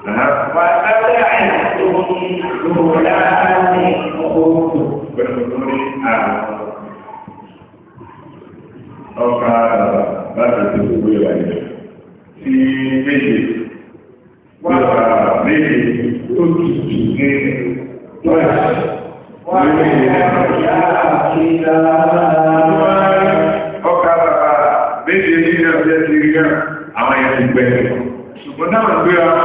Ọkà láti ti gbogbo ìwà ìjọ ti méje, wọ́pà méje tó tutù ní wáṣì lórí ìrìnàjò. Ọkà méje ní ọjọ́ ti rí náà àwọn ẹ̀yà ti gbẹ̀rẹ̀. Ṣùgbọ́n náà gbé ọmọ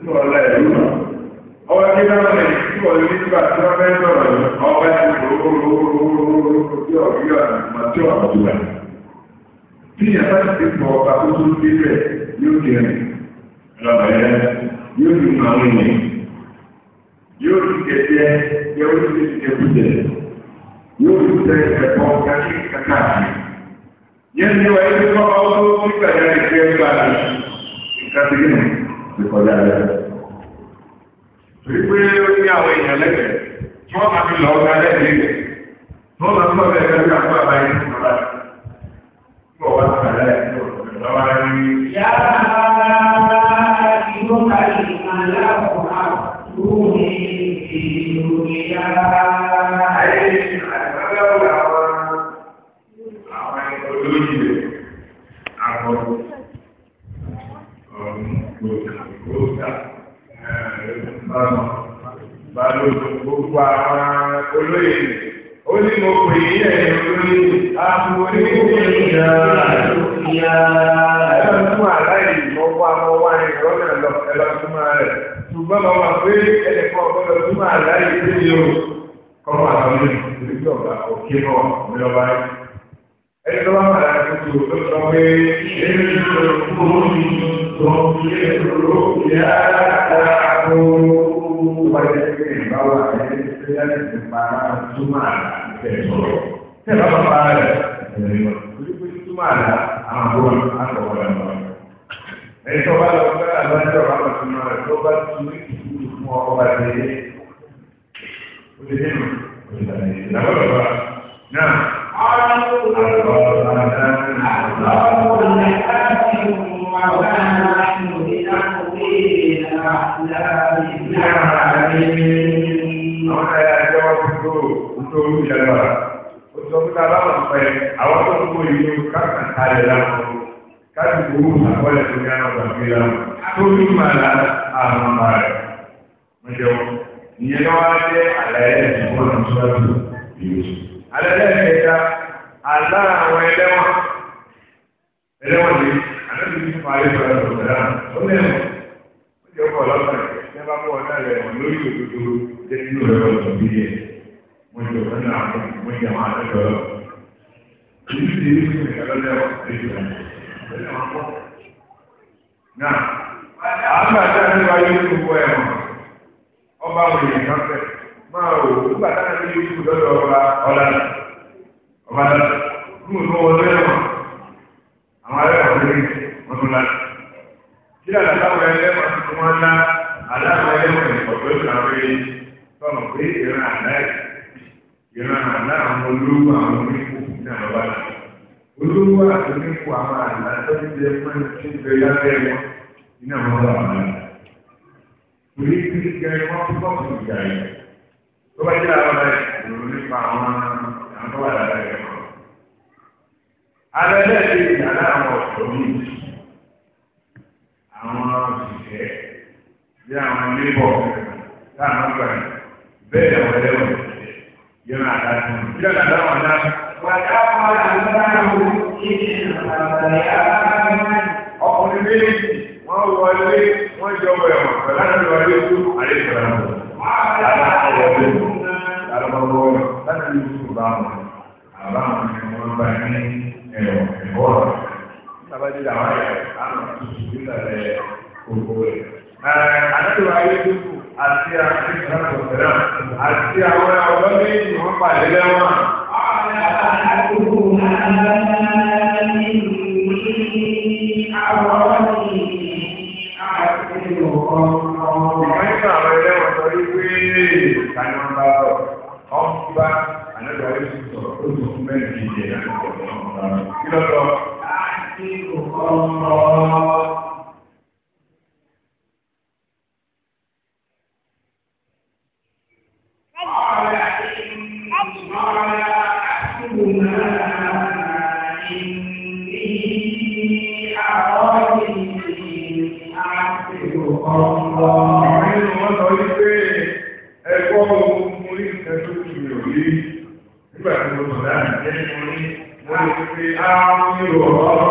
tí wọ́n lọ ẹ̀rú ọwọ́ kí náà lè tí wọ́n lè nígbà tí wọ́n fẹ́ sọ̀rọ̀ yìí ọwọ́ ẹ̀ ti rúrúrúrúrúrú tí ọ̀rí ọ̀nà mà tí ọ̀nà di rìn lọ́nà yẹn di mọ àwọn di kẹ̀kẹ́ yóò di kẹ̀kẹ́ yóò di tẹ ẹ̀kọ́ kàkí kàkàkì. Yẹ́n ní wáyé tó kọ́ ọ́ tó nígbà gbé kọjá rẹ̀. Wípé ní àwọn èèyàn lẹ́gbẹ̀ẹ́ tí wọ́n máa fi lọ ọ̀gá lẹ́gbẹ̀ẹ́ rẹ̀. Wọ́n máa ń bọ̀ bẹ́ẹ̀ lọ́jọ́ àgbà báyìí fún ọ̀la. Bí wọ́n wá sí àlẹ́ yàrá gbogbo àwọn olóyè ó ní mo pè ní ẹ̀yìn olóyè àbúrò ní ìyá ya ẹ̀rọ fún aláìní ọkọ àwọn wá lọ ìrọ́lẹ̀ ẹ̀lọ́ túmọ̀ rẹ̀ ṣùgbọ́n mo mọ̀ pé ẹnìkan ọ̀gbọ́dọ̀ túmọ̀ tó yẹ o kọ́mọ àwọn olóyè ìgbésẹ̀ ọ̀gá òkè náà mi lọ́ba yìí. ẹni tó bá mọ̀ láti tó tó sọ pé èmi ló kúrò ní wáyé ìbáwá ẹni tí ẹ ti pa túmọ̀ àlà ìfẹ̀sọ̀rọ̀ tẹ̀ bá bàbá rẹ̀ ẹ̀rẹ̀ lọ torí pé túmọ̀ àlà àwọn àbúrò àtọ̀wọ̀ rẹ̀ lọ. ẹni tó bá lọ sí àlọ́jọ́ bá lọ túmọ̀ rẹ̀ tó bá tún ní ìlú fún ọkọ̀ bá ti yé o lè dé o lè dàbí ìdáwọ́ bàbá náà. Ọlọ́run ló ń bọ̀ ọ́ Òṣìṣẹ́ bá wà pẹ́ àwọn tó ń kó ìlú káàkiri kalẹ̀ lánàá káàkiri owó àkọọ́lẹ̀ tó ní àwọn gbàgbé lánàá tó ní màlá àwọn ọmọ rẹ̀. Mọ̀jọ́ ìyẹn náà wá jẹ́ àlàyé ìfọ̀n náà sọ́dọ̀ ìlú. Àlàyé ẹ̀ka àwọn ẹlẹ́wọ̀n ẹlẹ́wọ̀n ni àlọ́ ìlú fún ayé sọ̀rọ̀ sọ̀rọ̀ náà ó lẹ́wọ̀n yóò bọ̀ lọ́sàn yìí ṣé bá bọ̀ ọ̀dà rẹ̀ wọ̀n lórí òdodo ṣé nínú rẹ̀ wọ̀n tó bí yẹ mo jẹ òun náà mo jẹ àwọn àtẹ́jọ́ lọ. Èyí ti yé mi nìkan lọ́lẹ́ wọn èyí rẹ̀ lọ́lẹ́ wọn Náà àwọn àgbàdo àti wáyé gbogbo ẹ̀wọ̀n ọba òye kan fẹ́ máa wò nígbà táwọn ẹni yóò kú lọ́dọ̀ ọba ọ̀la ọba lọ́dọ̀ kúrò lọ́wọ́ lẹ́wọ̀n àwọn arẹ́wọ̀n lórí wọn láti tí àlàkáwọ̀ ẹlẹ́wọ̀n tuntun wọn ná aláwọ̀ ẹlẹ́wọ̀n ìkọ̀tọ̀ ìkàwé sọ̀rọ̀ pé ìran àná ẹ̀ ìran àná àwọn olówó àwọn oníkù ní àlọ́bá náà olówó àti oníkù àwọn àná tó ń jẹ fún ẹni tó ń bẹ lábẹ́ wọn ní àwọn ọ̀rọ̀ àná torí kí ní gẹ́gẹ́ wọn fún bọ́ọ̀sì ìjà yìí tó bá jẹ́ àwọn ẹ̀ òun nípa àwọn àwọn tó wà lábẹ́ ẹ̀ wọn. alẹ́ lẹ́ẹ̀kejì àná àwọn ọ̀dọ́ yìí àwọn òṣìṣẹ́ bí àwọn níbọ̀ táwọn gbà bẹ́ẹ̀ lọ́wọ́ lẹ́wọ̀ yẹn máa dá sí i. yóò dàgbà wọn dá. wàdà wọn àgbáyé ọkùnrin méjì wọn wọlé wọn jọ wọ ẹwọn pẹ̀lú àti wọlé tó àyè sọ̀rọ̀ àwọn. wàdà wọn wọlé lálọ́ wọn láti ní ìfúnpá wọn àbá wọn ni bá ní ẹwọn ẹwọn abájú làwọn ayà àmà tuntun nígbà rẹ̀ gbogbo rẹ̀. Àdàtúwà Ayédùkú àti àtìsàkọ̀tẹ̀rà àti àwọn ọ̀dọ́ méjì wọ́n pàdé lẹ́wọ̀n. Ìgbẹ́sọ̀ àwọn ẹlẹ́wọ̀n sọ wípé ìkànnì wọn bá sọ, ọ̀hún bá ànágbà Ayédùkú sọ̀rọ̀ ó sì fún mẹ́rin kìí jẹ́ ìyá ìjọba ọ̀hún. Kí lọ́dọ̀ الله Thank you.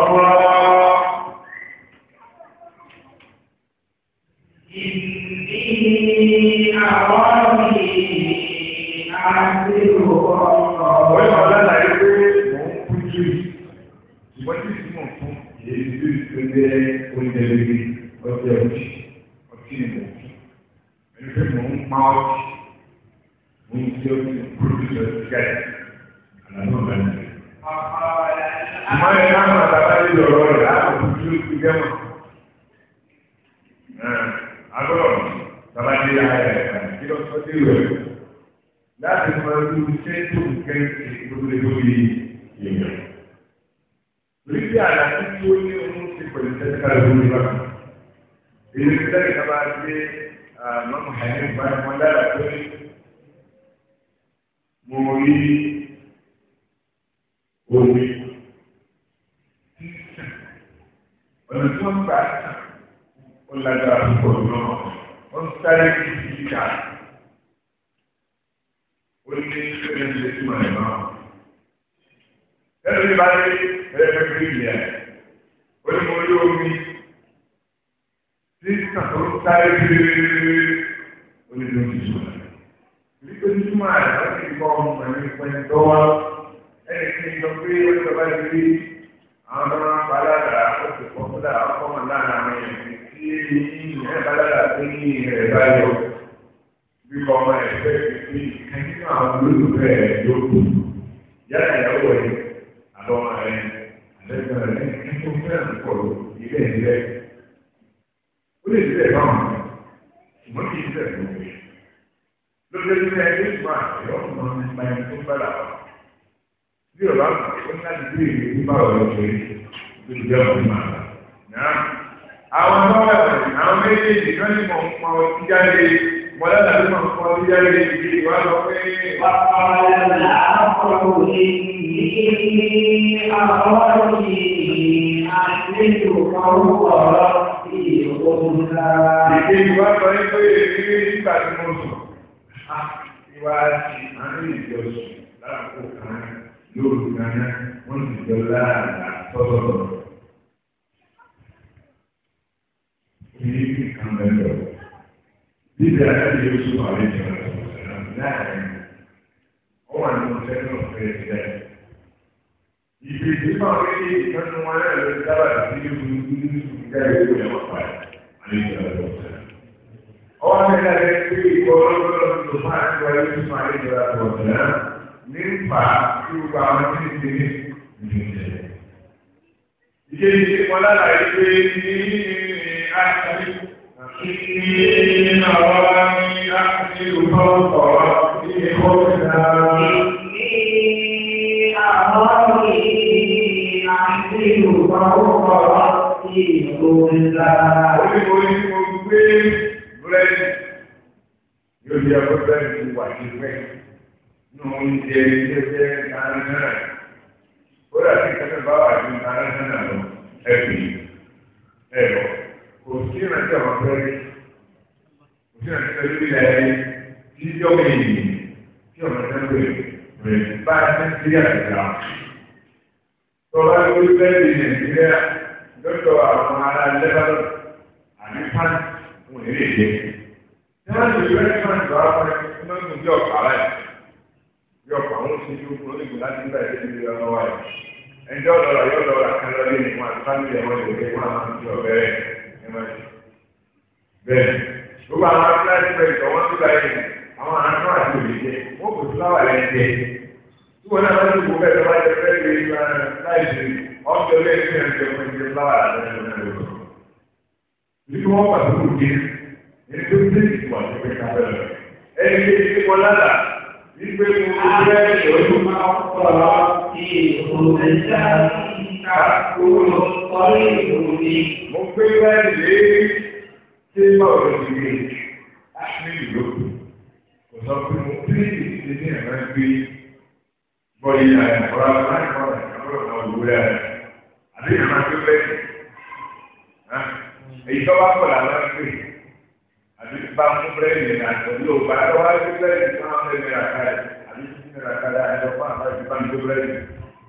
ó lágbára púpọ̀ lọ́wọ́ ó ń sáré kíkà ó ní ẹgbẹ́ ń lè túmọ̀ ẹ̀ náà. ẹnu ìbá ní ẹgbẹ́ bí omi tí kàtó ń sáré kíkà ó ní ló ń láti kọ́ ọmọ ẹ̀ pẹ́ẹ́n tó ẹni tí ń sọ pé ó ń sọ bá ti rí àwọn ọmọ aláàlá ó ti pọ̀ fúlà ọkọ̀ mọ̀ láàrin ìyẹn bá dára sí ní rẹ̀ báyọ̀ bíkọ́ ọmọ ẹ̀fẹ́ ní ìkan nínú àwọn olólùfẹ́ rẹ̀ yóò kú yálà ìyàwó rẹ̀ àbọ̀mọ rẹ̀ àlẹ́gbẹ̀ rẹ̀ ní kó fẹ́ràn pọ̀lú ilé ìlẹ́ ó lè sílẹ̀ báwọn ṣùgbọ́n kì í sílẹ̀ tó wọ́n lójoojúmọ́ ẹgbẹ́ ìgbà ìyọ́nù nípa ẹni tó bá làwọn bí ọ̀rọ̀ àwọn ọ̀rọ̀ ní láti bí ìlú bá ọ̀rọ̀ ìgbẹ́ ìgbẹ́ ọ̀rọ̀ ìmọ̀ àgbà náà àwọn tó wà lẹ́yìn àwọn méjèèjì kan ní mọ̀ pọn ọtí jáde mọ̀lá tàbí mọ̀ ń pọn ọtí jáde ìdí ìwà lọ pé. wàhálà àkọ́kọ́ yìí ní àwọn yìí àlejò kan wọ̀ ìhòòhùnà. ìdí ìwà lọ pé èmi nígbà tí mo sùn ìwà àti ìjọsìn láàkó kan lóògùn náà wọ́n ti jọ láàrín àtọ́sọ̀rọ̀. mẹ́tọ̀. Bíbí àti Yusuf àlejò àtọ̀sán láàrin ó wà nínú sẹ́nu ọ̀fẹ́ ìjẹ́. Ìgbè tí máa ń rí ìkànnì wọn náà ló dábàá sí ìlú ìgbà ìlú ẹ̀wọ̀n pa àlejò àtọ̀sán. Ọwọ́ mi lára pé ìwọ ọlọ́dún tó bá ti wá Yusuf àlejò àtọ̀sán nípa tí ó gba àwọn tí ń ṣe ní ìjọba. Ìjẹ́ ìṣe wọn lára yìí pé ní àṣà إني أراني أحمل فوق رأسي خبزا إني أراني أحمل فوق رأسي خبزا yóò di ọkọ bẹ́ẹ̀ ti wà ní pẹ nù oúnjẹ ilé jẹ náírà ó dàbí kẹfẹ bá wà ní náírà lọ ẹbí ẹ lọ kò sí ìrántí ọ̀rọ̀ fẹ́rẹ́ kò sí ìrántí ọ̀rọ̀ ìbílẹ̀ tí yọ̀ mí tí ọ̀rọ̀ fẹ́rẹ́ rẹ̀ bá nàìjíríà ti dà. tọ́lá ló fẹ́ di nàìjíríà lọ́dọ̀ àwọn ará lẹ́bàdàn àní pàǹtì wọn èrè ìdè. náà ló fẹ́ pàǹtì wà fún ẹ máa ń bí ọ̀pá láì bí ọ̀pá wọn ti ju onígun láti ẹjọ́ lọ́la yóò lọ́la kan lọ́lé ìwọ̀n àti fámìlì ẹ̀wọ̀n ìwé wọn àti ọ̀bẹ rẹ̀ bẹ́ẹ̀ gbogbo àwọn afúláṣí bẹ́ẹ̀ tọ̀ wọ́n túbà yìí àwọn àánú àti òbí jẹ wọ́n kò fúláwà lẹ́yìn jẹ tí wọ́n náà wọ́n ti wò bẹ́ẹ̀ lọ́wọ́ jẹ bẹ́ẹ̀ lè gba láìsí ọ̀dọ́ lẹ́yìn tí wọ́n ti wọ́n fúláwà lẹ́yìn lọ́wọ́ níbi wọ́n wà lóko dé ẹni bẹ́ẹ̀ lọ ẹni ti kọ́ ládà wípé mo fẹ́ lọ́ọ́ àkóró ọ̀rẹ́ ìlú ni. Mo gbé bẹ́ẹ̀ lé ṣé ìgbè ní ìlú. Kò sọ pé mo pé ìdílé ní ẹ̀rọ gbé bọ́ọ̀lì àyàkọ́ra láì kọ́ àyàkọ́ra ọ̀nà òwúrọ̀ rẹ̀. Àbí ìrìn àjò bẹ́ẹ̀ èyí tó bá pọ̀ làwọn ń àbí bá mú bẹ́ẹ̀ ní àjọ yóò bá lọ́wọ́ á gbé bẹ́ẹ̀ ní sọ́nà bẹ́ẹ̀ ní àkàrà àbí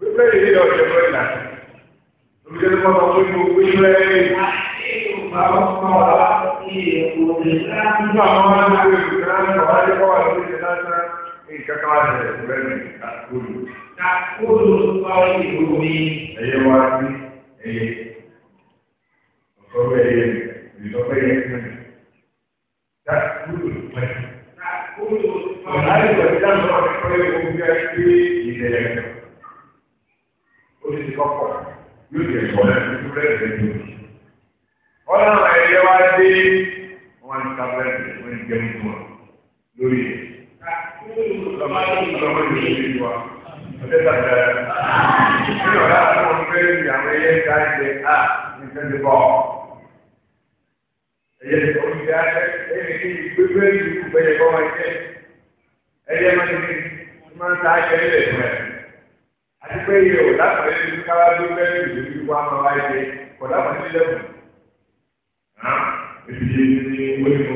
wípé yìí lọ jẹ fún ìlànà lórí ẹni kọ́ ọmọ tó yọ wípé lẹ́yìn. Nígbà wọn máa ń lo ìlú kan náà wọ́n á lé kọ́wà lórí ìlú lásán ní ìkẹ́kọ̀ọ́ àjẹ̀lẹ̀ ìlú ẹ̀mí àkóòlù. Àkóòlù báwo ni ìlú mi? Ẹyẹ wa ní ẹyẹ. Ọ̀sọ́rọ̀ ẹyẹ ìlọ́pẹ́ yẹn ń sẹ́yìn. Àkóòlù pẹ̀lú. Àkóòlù pẹ̀lú. Ọ̀nà àìsàn ìdáná ọ̀rẹ́ pẹ̀lú oúnjẹ sí ilẹ̀ ẹ̀kọ́ ó ti kọ́kọ́ yóò jẹ ìbọn náà ní túbúrẹ́ rẹ̀ ní òkè. wọ́n náà ẹ̀yẹ wá dé wọ́n ní tábìlẹ́tì wọ́n ní jẹun fún wa lórí ẹ̀. lọ́mọdé ló ti wá ọjọ́ tàbí ẹ̀ ní ọ̀rá àwọn ọmọbìnrin ní àwọn ẹyẹ ká ẹ̀jẹ̀ á ní sẹ́ni bọ́ ẹyẹ ọmọdé ayẹ ẹyẹ kí gbégbé ìlú gbẹyẹ bọ́ wáyé ẹyẹ máa ń ta ayẹ ẹ̀ lẹ́fẹ̀ẹ́ àti pé iye ò lápẹ̀lẹ́ ní káwá ló bẹ́ẹ̀ lè fi wá máa wá ilé kò lápẹ̀lẹ́ ní lẹ́kùn. Ebi yé ni wọ́n ti mú pé o,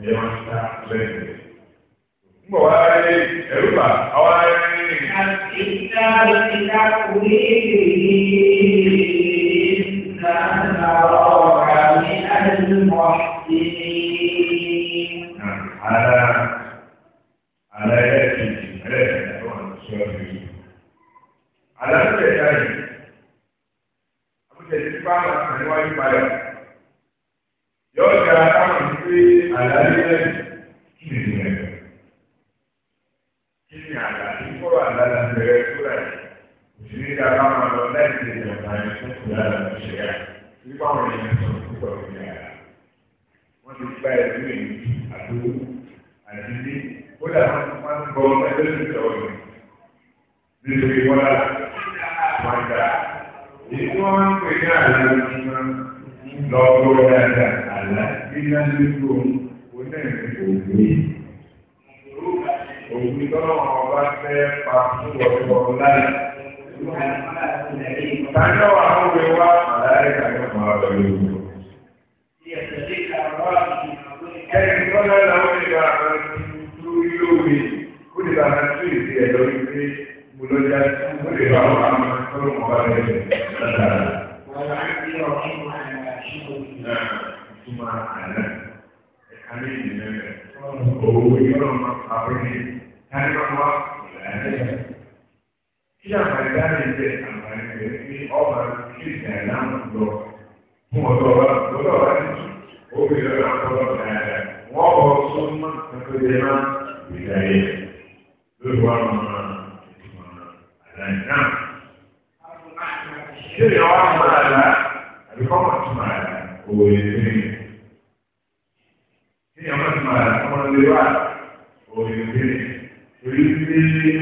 ẹ̀yẹ wọn ti ta lẹ́yìn. Ń bọ̀ wá ayé ẹ̀rú bà, àwọn ayé ní. Àti ìta ìta kò ní èdè ìdáná ọ̀rọ̀ ní àdúgbò sí. Àlá àlá ẹ̀ ti. àlàáfíà ẹ̀ka yìí àbújá ìdíkọ́ àwọn àníwájú padà yọ ọjà táwọn ń pè kí ni ìyẹn kí ni àlàáfíà kọ́rọ̀ àlàáfíà bẹ̀rẹ̀ tó rà òsì ní ká bá wọn lọ láti lè yàn bá yẹn fún kùlà àti ṣẹ̀yà nípa àwọn èèyàn sọ púpọ̀ lórí ara wọ́n ti gba ẹ̀rú èyí àdúgbò àti ilé kódà wọn máa ń gbọ́ ẹgbẹ́ ìjọ nítorí wọn lára wọ́n gbà. Èyí tí wọ́n ń pè ní àlá ojúmọ́ lọ́gbọ́ dáadáa àlá nígbà lójú òun òun náà ní òwe. Òwe lọ́wọ́ ọba fẹ́ pa fún ọ̀pọ̀ láì. Tájọ́ àwọn òwe wá àlàyé kàjọ́ kan lọ lójú. Ẹni tó lọ́la ó lè gba àwọn tó yóò wí, ó lè gba àwọn tó ìdí ẹ̀ lórí pé. ولولا كل بعض عمل كل مبارك وعندي رحيم على شغلي ثم على الحميد وهو يرم أصحابه هل الله إلى ما كان يبيع عن في عمر كل كلام له هو دورة دورة هو يرم دورة وهو ثم تقدم بداية بالورمة náà. Ṣé ìyá wa mọ àlá àbí kọ́ máa tún àlá òwò ètò Ṣé ìyá máa tún àlá ọmọ ilé wa òwò ètò yìí? Èyí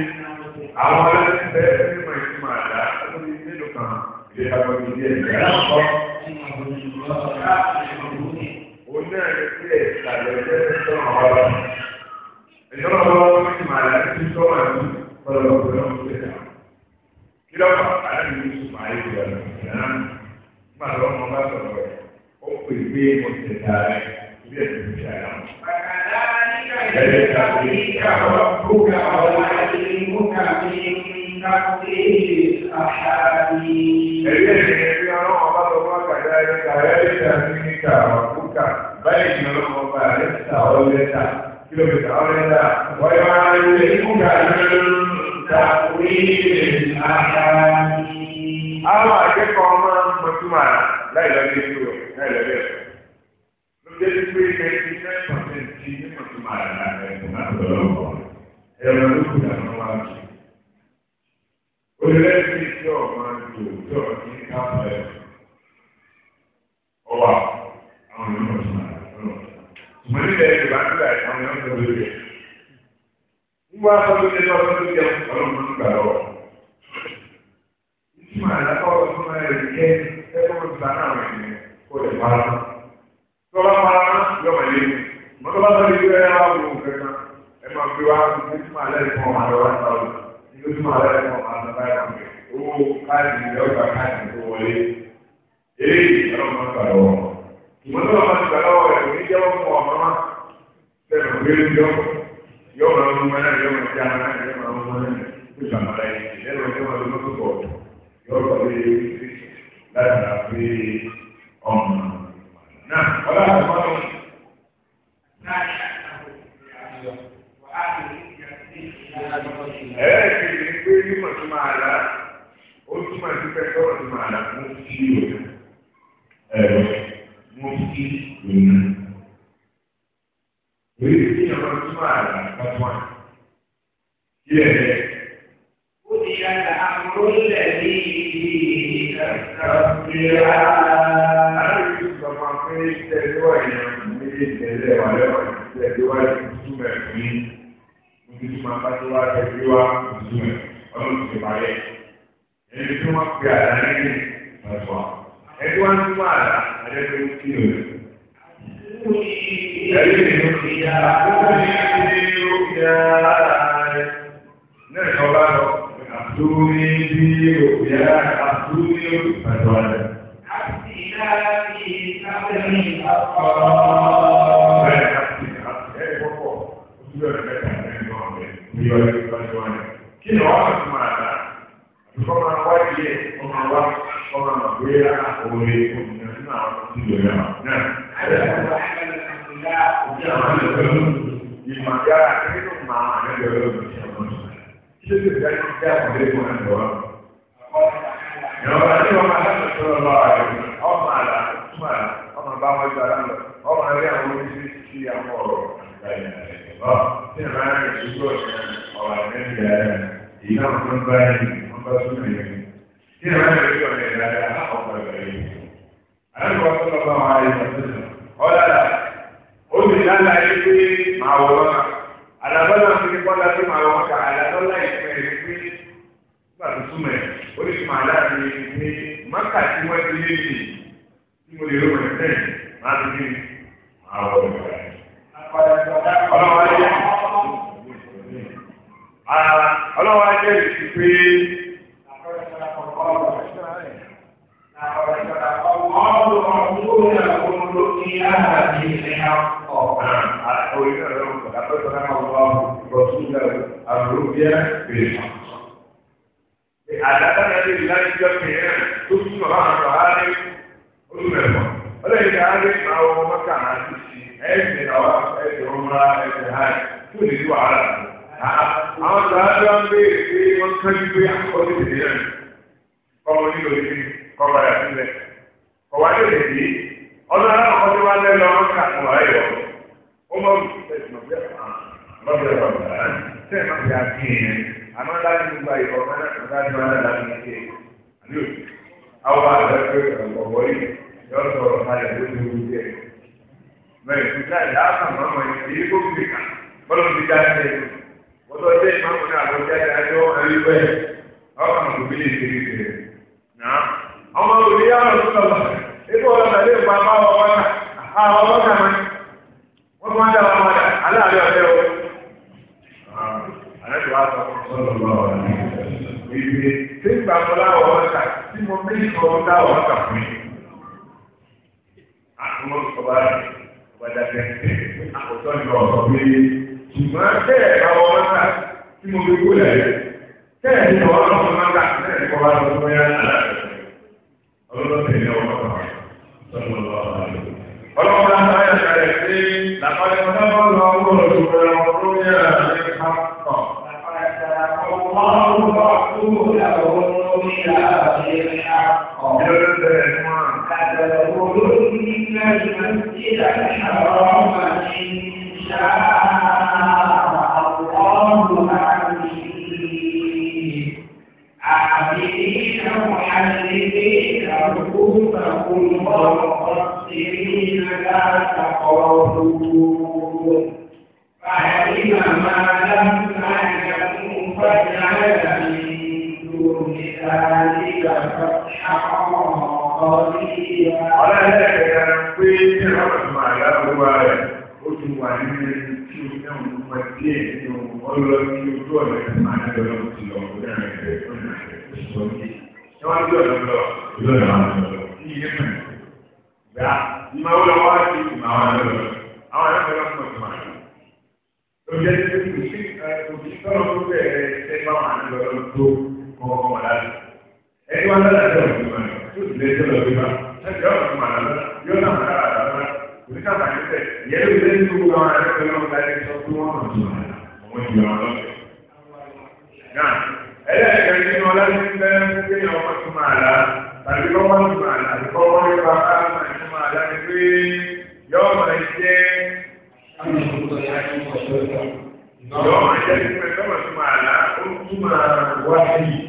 àwọn ọlọ́sìn bẹ́ẹ̀ ní ìmọ̀ ìtumọ̀ àlá lórí mélòó kan ìdílé àgbọ̀dọ̀ ìdílé ẹ̀jẹ̀ àkọ́kọ́. قضي الأمر الذي فيه تستخبران Yeah náà ní ọba lọ àtúní bí òbí ara àtúní òbí àlẹ. àti láti sábẹ́ni àpọ̀. bẹ́ẹ̀ àti àti ẹ̀ ni wọ́n á tún máa dá? àtúkọ́ máa wá ilé ọmọ wa ọmọ àgbéyà òwe òmìnira nínú àwọn tó ti lò náà. náà àti àwọn Jésù ká ti dá àgbẹ̀ fún ẹ̀dọ́. Ìrọ̀lá ní ọmọ aláṣọ tó lọ lọ àrẹ ọmọ àlá ọmọ àlá ọmọ bá wọn jọ aláǹdọ̀ ọmọ àlẹ́ àwọn oníṣẹ́ ti àwọn ọ̀rọ̀ àgbáyé ọ̀ tí ìrọ̀lá rẹ̀ ṣubú ọ̀rọ̀ àgbẹ̀yẹ èyí náà tó ń wọ́n bá tún lè yẹn. Tí ìrọ̀lá rẹ̀ ṣubú ọ̀rọ̀ ìdájọ́ àkọ́kọ́ ìgbàlẹ̀ yìí. Àlọ́ ọ̀rọ̀ tó lọ bá wọn àdàbọ̀ náà fi kọ́lá sí màá wọn kà àdàbọ̀ láì pẹ́ ẹ̀ pé nígbà tó túmọ̀ ẹ̀ oríṣi màá láti rí pé mákà tí wọ́n ti lé mi tí mo lè rí wọn tẹ̀ máa ti rí màá wọ ọ̀rọ̀ rẹ̀. ọlọ́wọ́ ajẹ́ ọlọ́wọ́ الله رسوله إياها بالحق لقد سمع الله رسوله الرؤيا بالحق عادة لله جميعا ثم رأى هذه أمة ولكن هذه ما هو مكة عن الشيء أي من أوراق أي عمرة أي هاي كل ذي على أما هذا في في من كان يحصل في الدين قالوا لي kọ́kọ́dà sílẹ̀ kọ̀wá lè lè dé ọdún aláwọ̀ tí wọ́n lẹ́nu ọmọ ká fún wa yọ ó mọ̀ àwọn àgbẹ̀ ọ̀gbọ̀gbọ̀ yìí yọ sọ̀rọ̀ kalẹ̀ lórí orí jẹ́ mẹ́rin tó jáde láàbà mọ́mọ́ èyí kó fi kà bọ́lá ti dá ẹ̀ wọ́tọ̀ ṣe ìmọ̀mọ́ náà lọ jáde ayọ́ ẹ̀rí bẹ́ẹ̀ ọkàn kò bí lè ṣe é ṣe é náà ọmọ òní yá lọ sọlọ lọ ebi wọn lọ lé ìgbà bá wọn wọn náà àwọn wọn náà wọn tún wọn dá wọn wọn dá aláàbẹ ọdẹ o. àlẹ́ tí wàá sọ sọlọ lọ wọn ní ìgbé tí ìgbà mo láwọ wọn kà tí mo méjì kọ wọn dá wọn kà fún mi. àtúmọ̀ ọba ọba dàgbẹ́ àkọ́tọ́ ni wọn sọ pé ṣùgbọ́n bẹ́ẹ̀ bá wọn kà tí mo fi kú lẹ̀ bẹ́ẹ̀ ni wọn lọ fún wọn kà bẹ́ẹ̀ ni wọn lọ fún wọn yá ọlọ́dọ̀tẹ̀ ní ọwọ́ kan sọ́nà ọlọ́wọ́ àlè. ọlọ́wọ́ náà náà yà sàrẹ̀ sí làkọ́lẹ́ ọlọ́wọ́ lọ́wọ́ lọ́sọ̀rọ̀ ọ̀rọ̀ yẹn àti kápọ̀. Thank you. محللين ركوبكم ومقصرين لا تخافون فعلم ما لم تعلموا فجعل من دون ذلك فتحا قريبا. قال لك يا بيت رحمة الله ó ti wà nínú tí o ní àwọn ọmọ díẹ̀ nínú ọlọ́ọ̀kí ojú ọ̀rẹ́ máa ń lọ sí ọ̀rẹ́ rẹ̀ fún ìrìnàjò sọ́ọ́dí. ṣé wọ́n gbé ọ̀dọ́ lọ ìlú ìlú àwọn ọ̀dọ́ ní ilé mọ̀ gbà ìmọ̀ wọn lọ́wọ́ wá sí ìmọ̀ àwọn ọ̀dọ́ lọ àwọn ọ̀dọ́ lọ fún ọ̀tún àná ló jẹ́ pé kò sí òṣìṣẹ́ tó bẹ̀rẹ̀ ṣẹ́ bá wọn àná lọ tó kọ̀ọ̀kọ̀ wọn láti ẹni wọn lọ́la jẹ́ òṣìṣẹ́ wọn tó sì lè jẹ́ lọ bí wọn ṣẹ́jọ́ ọ̀tún wọn lọ́la yóò náà wọn lára àdáwọn oníkàtà níbẹ̀ ìyẹn ló lé ní gbogbo àwọn ẹgbẹ́ lọ́wọ́ láti sọ pé wọ́n mọ̀ sí wọn àwọn ìgbìmọ̀ lọ́sẹ̀ náà ẹlẹ́ẹ̀kẹ́ nínú ọlọ́dún ń bẹ́ẹ̀ ń gbé yàn wọ́n túmọ̀ àlá tàbí kọ́kọ́ túmọ̀ àlá àti kọ́kọ́ nípa káàmà túmọ̀ àlá ni pé yọ́ máa jẹ́ yọ́ máa jẹ́ túmọ̀ àlá ó túmọ̀ wáyé.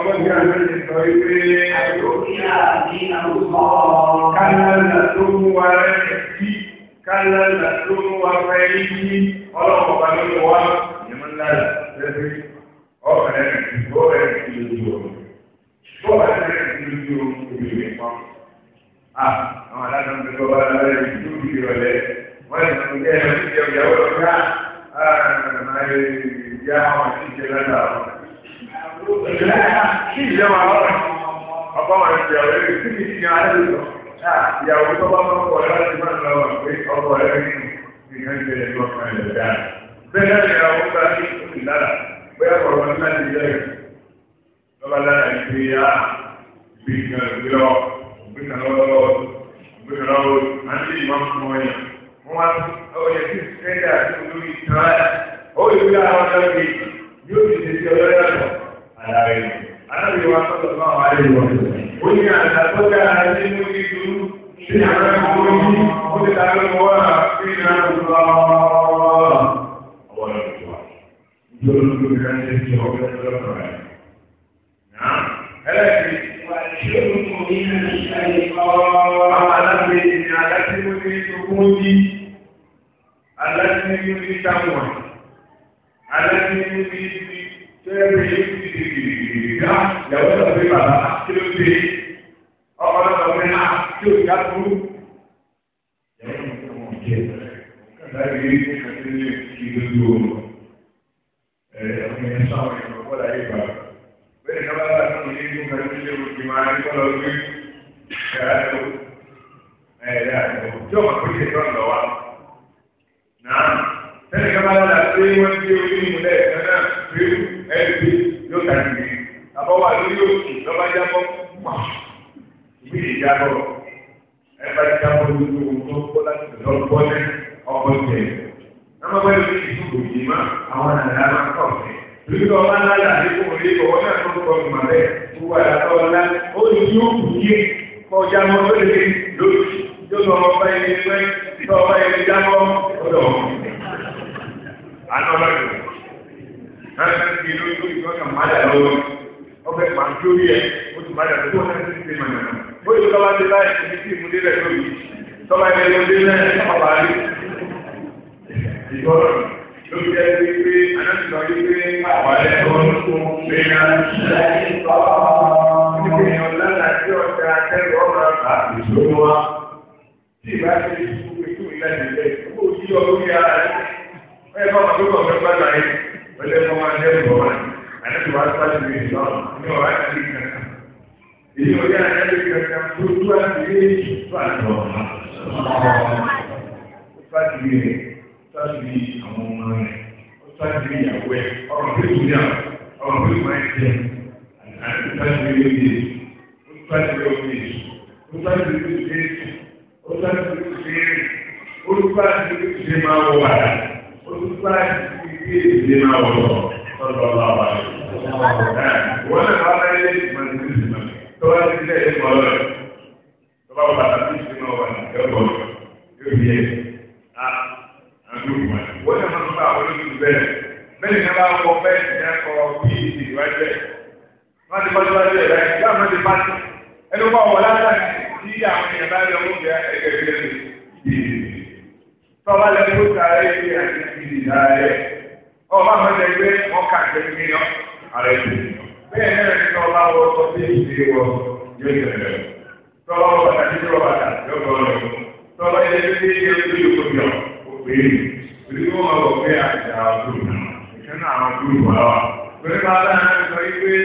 ọgọ́jà lórí sọ wípé àyókíà ní àwùjọ kálálà tó mú wa rẹ̀ sí kálálà tó mú wa fẹ́ yí ọlọ́pàá bá ló kí ìyá máa wà lọ ọkọ máa ń jẹun lórí tí kì í ṣe alẹ́ lọ ìyàwó tó bá máa ń kọ láti máa ń lọ wà pé ọkọ rẹ ní ìyá ń jẹun lọ kan lè dáa bẹ́ẹ̀ náà ìyàwó bá ní oṣù lára bóyá kọ̀ọ̀kan ní láti yẹ lọ́ba lára ìgbé yá ìgbé kan ìgbé lọ ìgbé kan lọ́wọ́ àyàrẹ̀. Alábìwá sọ̀tọ̀ náà wà lè wọ̀. Ó ní àṣà tó dára nínú ìlú sí àwọn ẹ̀kọ́ yìí. Ó ti ta ló wà sí ìrìnàjò lọ́wọ́. Ọwọ́ ló ti wà. Ìjọba ló ti ká ṣe ti ọ̀gbẹ́ lọ́dọ̀ rẹ̀. Ẹlẹ́sìn wà ṣé o mú mi ní ìṣẹ̀lẹ̀ ọ̀ọ́. Àwọn alábìwé ni aláṣẹ́wó ní ìṣòkòó yìí. Aláṣẹ́wó ní ìṣàmùwà. Aláṣẹ́wó ní ìṣ tẹ́lẹ̀ gidigidi ká yàwó lọ sí bàbá kí ló dé ọmọ náà lọ sí náà kí ó ká kú. yàwó lọ sí ọmọ jẹ láti rí kàtẹ́lẹ̀ kí ló dé o ẹ ọmọ yẹn sáwọn yẹn lọ bọ́lá yìí bàbá bẹ́ẹ̀ ká bá bá tó ní kó kàtẹ́lẹ̀ o ti máa ní kọ́lọ́ gbé ẹ̀rọ ẹ̀rọ ìjọba kò tẹ̀ tọ́ lọ wa. náà tẹ́lẹ̀ ká bá dà pé wọ́n ti orí ìmúlẹ̀ kan náà pé ó ẹbí yóò ta ìgbé àbọ̀wá lórí òkè lọ́ba jábọ́ wà ìbí ìjábọ̀ ẹ̀ka jábọ̀ lórí ohun tó kọ́ láti lọ́gbọ́ ní ọkọ̀ jẹ. Ẹgbẹ́ lórí ìdúgbò yìí má àwọn àdá máa kọ̀ sí. Lórí ọba ńlá yàrá ikú òní ìbọ̀wọ́ náà tó kọ́ ìmọ̀ rẹ̀ tó wà látọ̀ ńlá ó ní yóò kù yé kọjá mọ́ lórí lórí yóò lọ ọba ẹni pẹ́ tọ́ ọba ẹni jábọ̀ náà láti gbé lórí lórí ìjọba mọ́lá lọ́wọ́ ọbẹ̀ máa ń dórí ẹ̀ ó ti máa dàbí wọn láti ṣe mọ̀nà ó yẹ kọ́lá dé láì ṣe kí ìmúdé rẹ̀ lórí tọ́lá ẹ̀ lọ dé náà ẹ̀ pàpà rí ìgbọ́rọ̀ lórí ẹ̀ ti pé anáṣìlọ yìí pé àwọn ẹ̀ lọ tó ṣe náà ṣe ìgbìyànjú láti àti ọ̀sẹ̀ akẹ́kọ̀ọ́ máa bá ìṣòro wa tí ìbá ṣe ìṣòro ìṣòro ìlànà ìlẹ̀ ìṣòro yí ọ wọlé kọ́ máa dé ìbọn wọn àti wàá sáájú mi lọ ní ọ̀rá ìdí kankan èyí ò yá ẹni kankan tó tó àti èyí tó àti ọ̀rá ó sáájú mi rẹ̀ sáájú mi àwọn ọmọ rẹ̀ ó sáájú mi ìyàwó ẹ̀ ọ̀rọ̀ tó tún yà ọ̀rọ̀ tó tún máa ń jẹ àti sáájú mi lóde ó sáájú mi lóde ó sáájú mi lóde ó sáájú mi lóde ó sáájú mi lóde máa wọ àdá ó sáájú mi kí èdè máa wọ̀ lọ́dọ̀ ọlọ́wà rẹ̀. Wọ́n lè máa bẹ́ẹ̀ lé ìgbà tí ó sì máa tó bá ti dé ẹ̀kọ́ lọ́rẹ̀. Tó bá bàtà tí ìṣe máa wà ní ẹ̀kọ́ lọ́rẹ̀ yóò yẹ àdúgbò wọn. Wọ́n lè máa bá àwọn olóṣèlú bẹ́ẹ̀. Bẹ́ẹ̀ni ká bá wọ bẹ́ẹ̀ ní ẹ̀kọ́ PhD wájú ẹ̀. Wọ́n ti bá tó bá dé ẹ̀ báyìí, yóò máa ti bá ti. Ẹnu bá ọba mẹ́ta ìwé wọn kà jẹ́ mílíọ̀n ara ẹ̀sìn bẹ́ẹ̀ náà ní ọba wọ ọkọ sí ìdílé wọ yóò tẹ̀lé tọ́lá wọ bàtà tí tọ́lá bàtà yóò gbọ́ lọ tọ́lá ilé tó dé ilé tó yóò tó yọ ó pè é torí wọ́n máa wọ̀ pé àtìjà ọdún náà ìṣẹ́ náà àwọn ọdún wà wá pẹ̀lú bá a náà sọ wípé.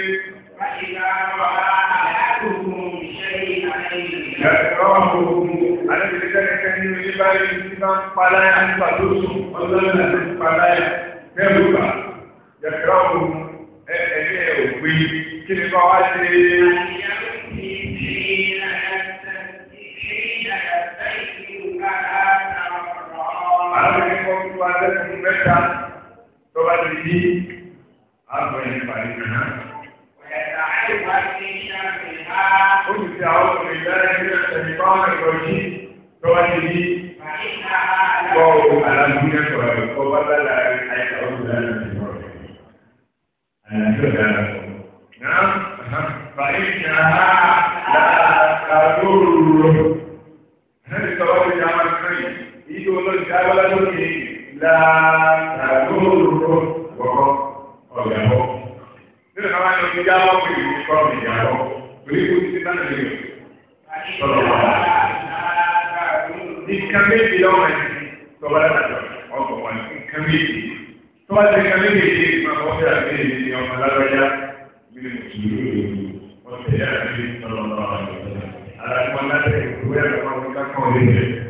Àlejò ìdẹ́kẹ́kẹ́ nínú yín báyìí ti máa ń paláyà nípa tó sùn, ọlọ́run àti paláyà kẹ́rù bá yàtọ̀ ọ̀hún ẹ̀ẹ́dẹ́ òpin kí ni bá wá dé. Àwọn ẹ̀kọ́ kau alaminya kalau kau pada lari ayat Allah dan Rasul. Sudah. Nah, baiknya la kabur. Hari kalau di zaman ini, itu untuk jalan ini la kabur. Wow, oh ya, oh. Ini kalau yang jawab ini, kalau dijawab, beri kunci tanah ini. Kalau nǹkan méjì lọ́wọ́ ẹ̀ tọ́ba ládàjọ́ ọgbọ̀n wọn nǹkan méjì tọ́ba ti nǹkan méjì ṣe máa wọ́n fẹ́ àgbẹ̀ yìí ní ọmọ alágbájá nínú mùsùlùmí wọ́n fẹ́ àgbẹ̀ tọ́lọ́lọ́ ara ẹ̀kọ́ láti ìwé ẹ̀kọ́ kíkọ́ rẹ̀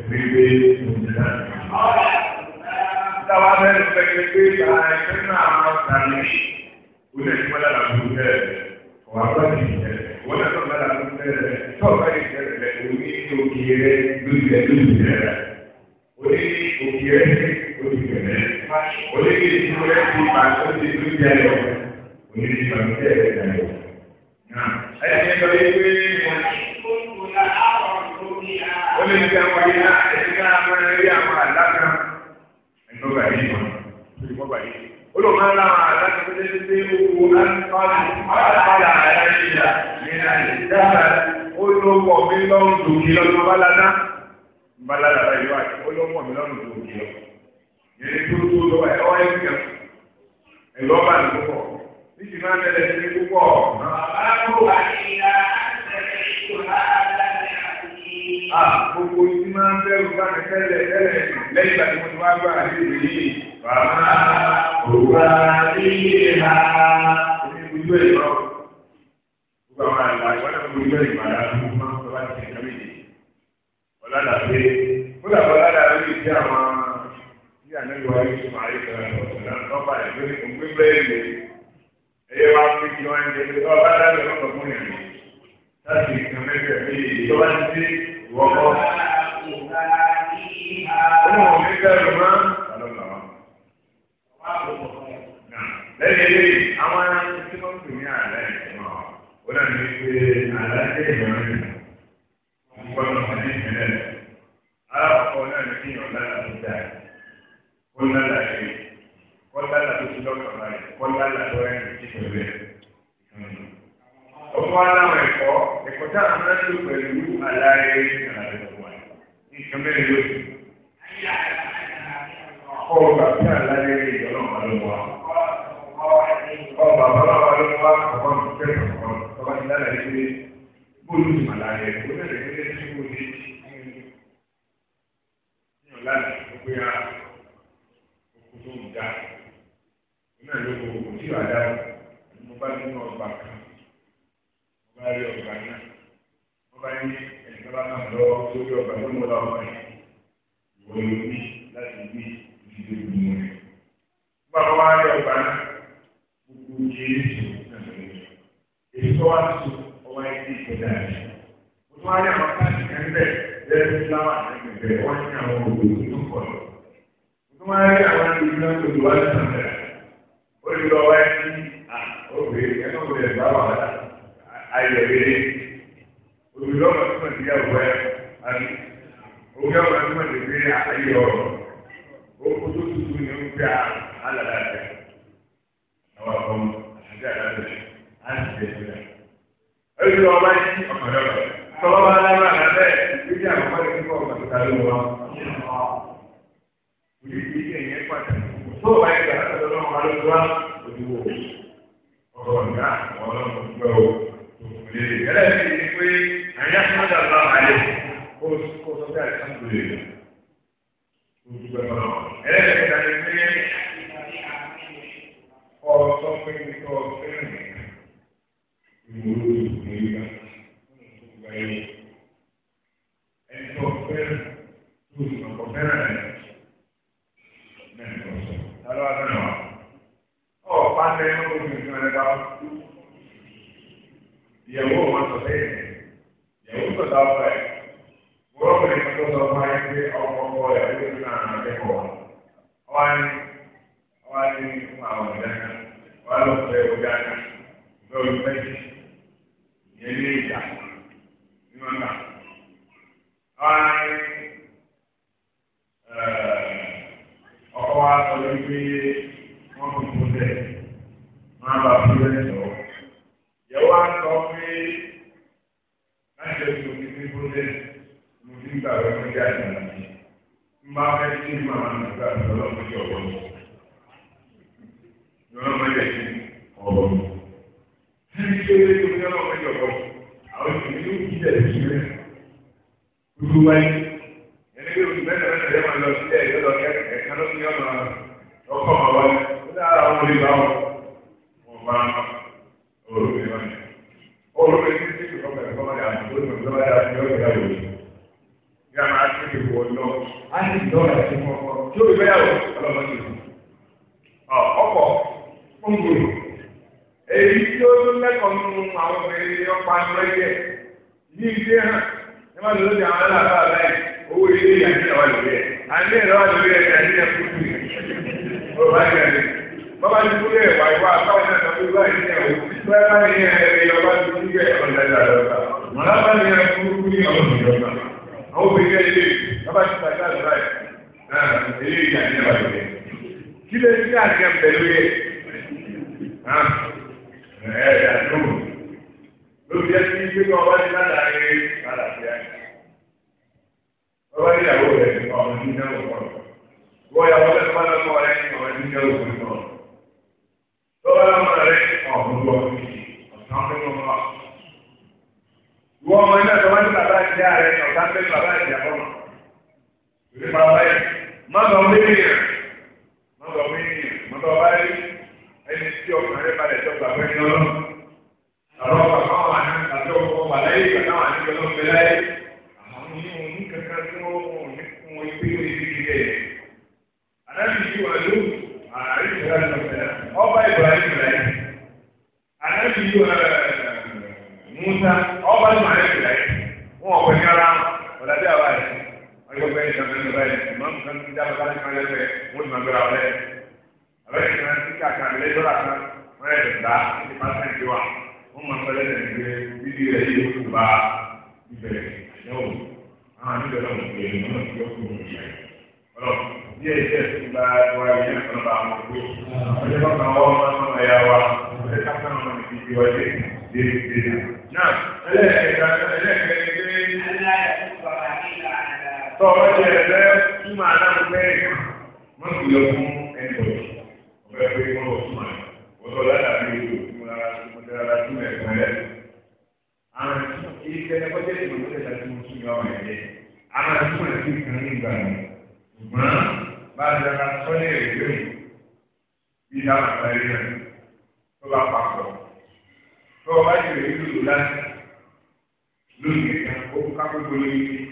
wípé òjìlá. máa tàbí ó lè ti mọ́lá làbúrú wọ́n náà tọ́ka la ń tẹ̀lé rẹ̀ tọ́ka yìí tẹ̀lé rẹ̀ òní òkè rẹ̀ lójú rẹ̀ lójú rẹ̀ rẹ̀ òní òkè rẹ̀ lójú rẹ̀ rẹ̀ òní ìdílé rẹ̀ ti bá tó ti lójú rẹ̀ lọ òní ìbànújẹ́ rẹ̀ rẹ̀ lọ. ẹni sọ yìí pé ó lè ní àwọn yìí náà ẹni náà máa ń rí àwọn àlá kan ẹni tó bá yìí mọ̀ tó ti mọ́ bá yìí. olùmọ̀lá aláṣẹ tó ti ṣe owó aláṣẹ aláṣẹ àyàlẹ́yà nínú àyẹ̀dára olówó mi lọ́rùn dòkì lọ́dún balada balada báyìí wáyé olówó mi lọ́rùn dòkì lọ. yẹn tó tó lọ ẹ ọ ẹ ẹ lọ bá ní púpọ̀ máa ń sí púpọ̀. àti ìyá àti ìyá ìṣòro gbogbo tí máa ń bẹ̀rù bá mi tẹ́lẹ̀ tẹ́lẹ̀ lẹ́yìn ìgbà tí mo ti wá gbà àti ìwé yìí. Bàbá òwúrọ̀ ilé ha. Èmi kò ju ẹ̀ lọ. Gbogbo àwọn àgbà ìwádìí kò ju ẹ̀ ìgbàlá tó máa ń sọ láti ṣe ìjọba ìdè. Ọ̀làdà pé kódà ọ̀làdà lórí ìdí àwọn tí ànáyọ̀ ayé tó máa yẹ kẹrẹ ọ̀sán lọ́pàá ẹ̀ lórí òǹgbẹ́ bẹ́ẹ̀ lè. Ẹyẹ wá fi kí wọ́n ń jẹ pé ọ̀làdà lọ́pàá fún ìrìn. Láti ìkànnì wọ́pọ̀. Ọmọ mi bẹ̀rù máa ń. Lẹ́yìn eléyìí, àwọn ẹran. pé ọkọ̀ ọkọ̀ rẹ̀ ló ń gbà máa kẹ́kọ̀ọ́. Wọ́n á Musa ọba ní màá yẹ wọn ọ̀pẹ ní ara ọ̀dàdé àwa yẹ ọ̀yọ́ bẹ́ẹ̀ ní ọ̀dàdé àwa yẹ ìmọ̀ nǹkan ní ìjà bàbá ní kálẹ̀ bẹ́ẹ̀ wọ́n ti máa gbéra ọ̀lẹ́ abẹ́rẹ́ ní kan sí kàkà lé dọ́là kan wọ́n yẹ dọ̀tà ní pásítẹ̀ǹtì wa wọ́n máa pẹ́ lẹ́sẹ̀ ní pé bíbí rẹ̀ yìí ó kù bá ibẹ̀ àyẹ̀wò àwọn àdúgbò náà wọ́n pè é wọ́n ti yọ kúrò níyà ọ̀rọ̀ bí ẹ̀jẹ̀ ti gba ẹwà ìwé ẹ̀kọ́ bá wọn pé ọjọ́ kan wọ́n máa ń lọ ya wa ọjọ́ ká dèrèdèrè náà ẹlẹ́ẹ̀kẹta ẹlẹ́ẹ̀kẹta tọ́ ọ jẹ ẹgbẹ́ túmọ̀ aláǹgbẹ́ ìkan má kò yọ fún ẹ̀dọ̀ ọ̀fẹ́ pé wọ́n lọ túmọ̀ ẹ̀ wọ́tọ̀ ládàbí ìlú ìmúra ìmúra túmọ̀ ẹ̀kọ́ ẹ̀ àwọn ìṣẹ́ ẹgbẹ́ ìmọ̀ mọ́tẹ́ta tí mo tún yọ ọ̀rọ̀ ẹ̀jẹ̀ àwọn àtúmọ̀ ẹ̀sìn kan nígbà mi ṣùgbọ́n bá a dára sọ́lé ẹ̀gbẹ́ mi bí dáhùn sáré náà tó bá papọ̀ tó o bá yẹ lè lòlò láti lónìí ẹ̀ka ó ká gbogbo lórí mi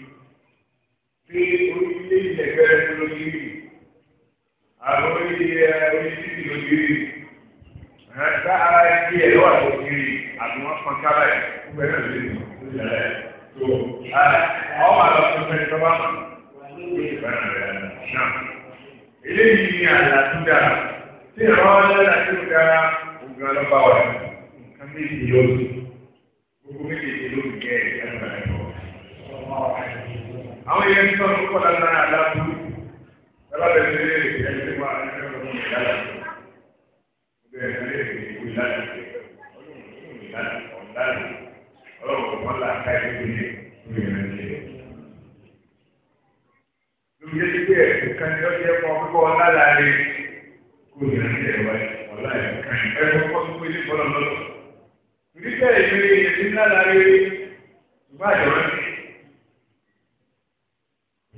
tí orílẹ̀ ilẹ̀ bẹ̀rẹ̀ lórí mi àwọn orílẹ̀ orílẹ̀ ìlú lórí mi ẹ̀ka ara ẹ̀kí ẹ̀ lọ́wọ́ àti òkiri àti wọ́n fọn kára ẹ̀ kó bẹ̀rẹ̀ lórí mi lórí ẹ̀ tó ọmọ àlọ́ tó fẹ́ tọ́ bá mọ̀ eléyìí ni àlàtúndà tí ìrànlọ́wọ́ lẹ́la tí ó dára ògùn ọlọ́pàá wà ní méjì yóò sùn gbogbo méjì yóò sùn jẹ́ ẹ̀ẹ́dẹ́gbẹ̀rún ẹ̀fọ́. àwọn yẹn sọ ní kọ́lá náà aláàbò ẹ̀rọ bẹ̀rẹ̀ sí ilé ìgbẹ́ ẹ̀ṣẹ̀ wà ẹ̀ṣẹ̀ wà ní ìlànà bẹ̀rẹ̀ sí ilé ìgbẹ́ ìlànà ọlọ́run ìlànà ọ̀lànà ọlọ́run ọ̀là káyọ̀ ìgbẹ́ ìgbẹ́ lóye ti pé ẹ̀sìn kan ni ó jẹ́ fún ọ pípọ̀ ọ̀làlà rẹ̀ kó ìrìnàjò ẹ̀wà ọ̀là ẹ̀sìn kan ẹ̀rọ pọ́sùn pé ní bọ́lá lọ́dọ̀. nígbà ìrírí ìrírí ńlá la rí ṣùgbọ́n àjọ̀rántì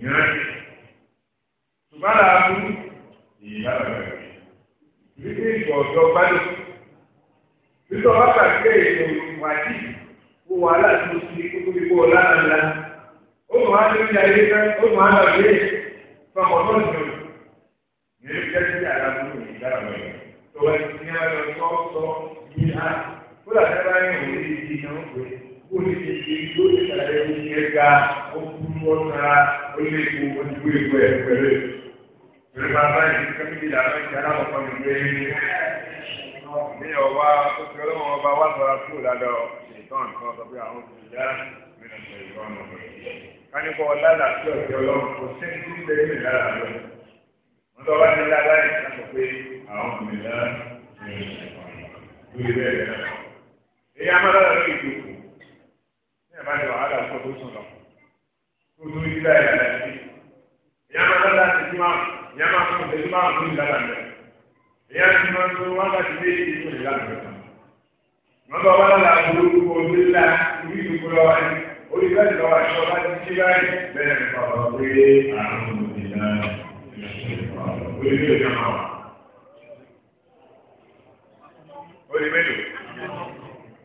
ìrántì ṣùgbọ́n àlàáfù ìyá rẹ̀ nígbà ìgbà ọ̀dọ́ gbádùn nígbà wọ́n gbàgbé ètò ìwádìí kó wà láti lọ sí kókó bí kó lára ńlá ó mọ̀ á lórí ayé fẹ́ ó mọ̀ á lọ fọmọ náà sí ìyá rẹ̀ kódà nígbà yẹn wò ní ìdí náà pé kó ní ìdí tó ní ìdàrẹ́ ní ẹ̀ka ó kúrú ọ̀sára ó lé kó ojú ìlú ẹ̀ pẹ̀lú pẹ̀lú bàbá yìí kí wọ́n ti dàgbà ìjà náà kọ́ ní pé ní ọba tó fi ọlọ́wọ́n ọba wà lọ́ra kúrò ládọ̀ ìtàn kan sọ pé àwọn òṣìṣẹ́ mìíràn ṣe ìtàn náà kánikọ́ ọ̀làdà tí ọ̀sẹ̀ ọlọ́run kò sí ní ti bẹ́ẹ̀ mi lára lọ. wọ́n tọ́ bá ti lágbára ìtàn sọ pé àwọn òṣìṣẹ́ mìíràn ṣe ìtàn náà lórí bẹ́ẹ̀ náà èyí amálára lórí ìdòkò ní ẹ̀bá ni wàhálà sọ tó sùn lọ tó tó ní bíbá ẹ̀yà láti èyí amálára ti ti máa èyí amálára ti ti máa fún ìlànà rẹ èyí àti máa tó wọn bá ti dé ìdí fún ìlànà rẹ wọn bá wọn lára burúkú omi ńlá orí ìdòkò lọ wáyé orí bẹ́ẹ̀ lọ aṣọ láti ṣí báyìí bẹ́ẹ̀ ni bàbá pé àrùn òmìnira orí bẹ́ẹ̀ lọ máa wà orí bẹ́ẹ̀ lọ.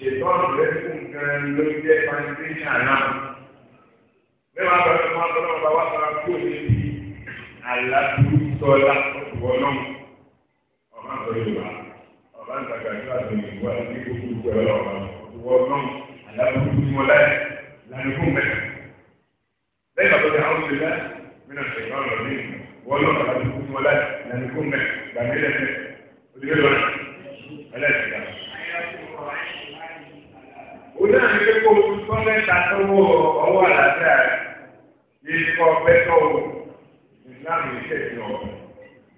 ṣètọ́nù rẹ̀ fún nǹkan ló jẹ́ pàṣípéṣà náà. Mẹ́wàá bá mi máa tọ́lọ́ bá wá sọ́ra kú òní bí àlàbù sọ́lá ọ̀pọ̀ náà. Ọ̀gá ń sọ Yorùbá, ọ̀gá ń tàgbà sí àtọ̀ Yorùbá ní gbogbo ìgbà ọ̀gá ọ̀pọ̀ náà àlàbù túmọ̀ láì lànà fún mẹ́ta. Lẹ́yìn àtọ́ ti àwọn ìṣẹ̀lẹ̀ mìíràn ṣètọ́ ọ̀rọ̀ ní wọ́n náà àlàbù túmọ̀ láì lànà Oní àná pé kó o tún tọ́ mẹ́ta tó wọ ọwọ́ àlàáfíà rẹ̀ yìí kọ́ bẹ́tọ̀ o. Ìsìláàmù yìí tẹ̀sí ọ̀.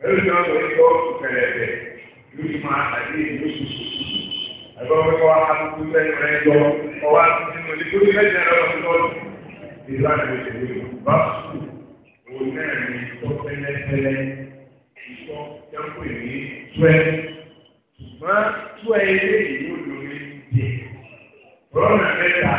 Ẹ̀rù náà lọ sí ọ̀sùn kẹlẹ̀bẹ̀ yóò máa àdé yóò sì sùsù. Ẹ̀gbọ́n mi kọ́ akókó sẹ́yìn rẹ̀ jọ ọwọ́ àtúntò ní kó ní mẹ́jẹ lọ́wọ́ lọ́wọ́. Ìsìláàmù yìí tẹ̀sí ọ̀. Bá òun náà ní tọ́ pẹ́lẹ́pẹ́lẹ́ ìtọ́ jẹ́ pé ní tuẹ́. Ṣùgbọ́n tuẹ́ ilé ìlú lọ́nà mẹ́ta.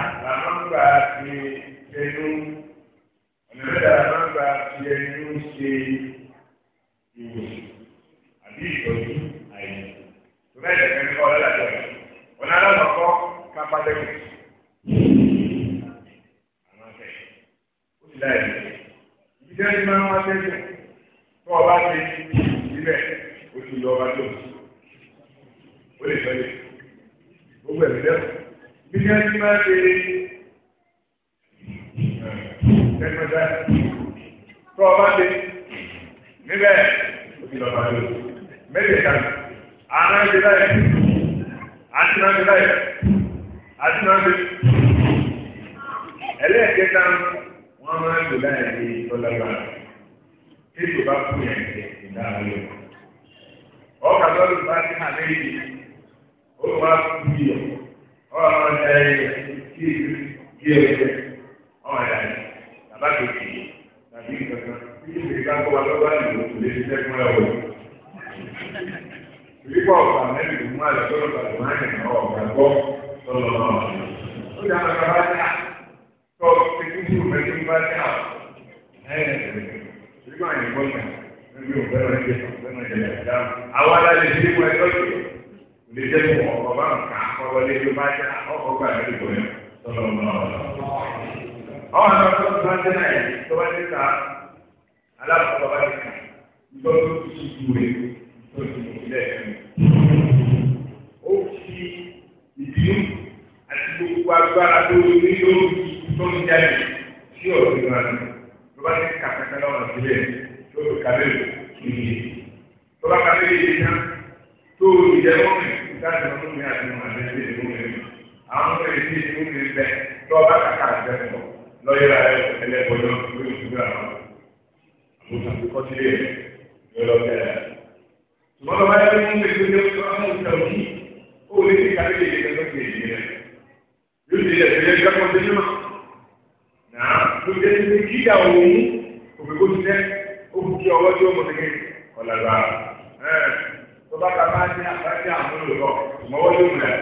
láti àwọn olùkọ́ mọ́wọ́ yóò múlẹ̀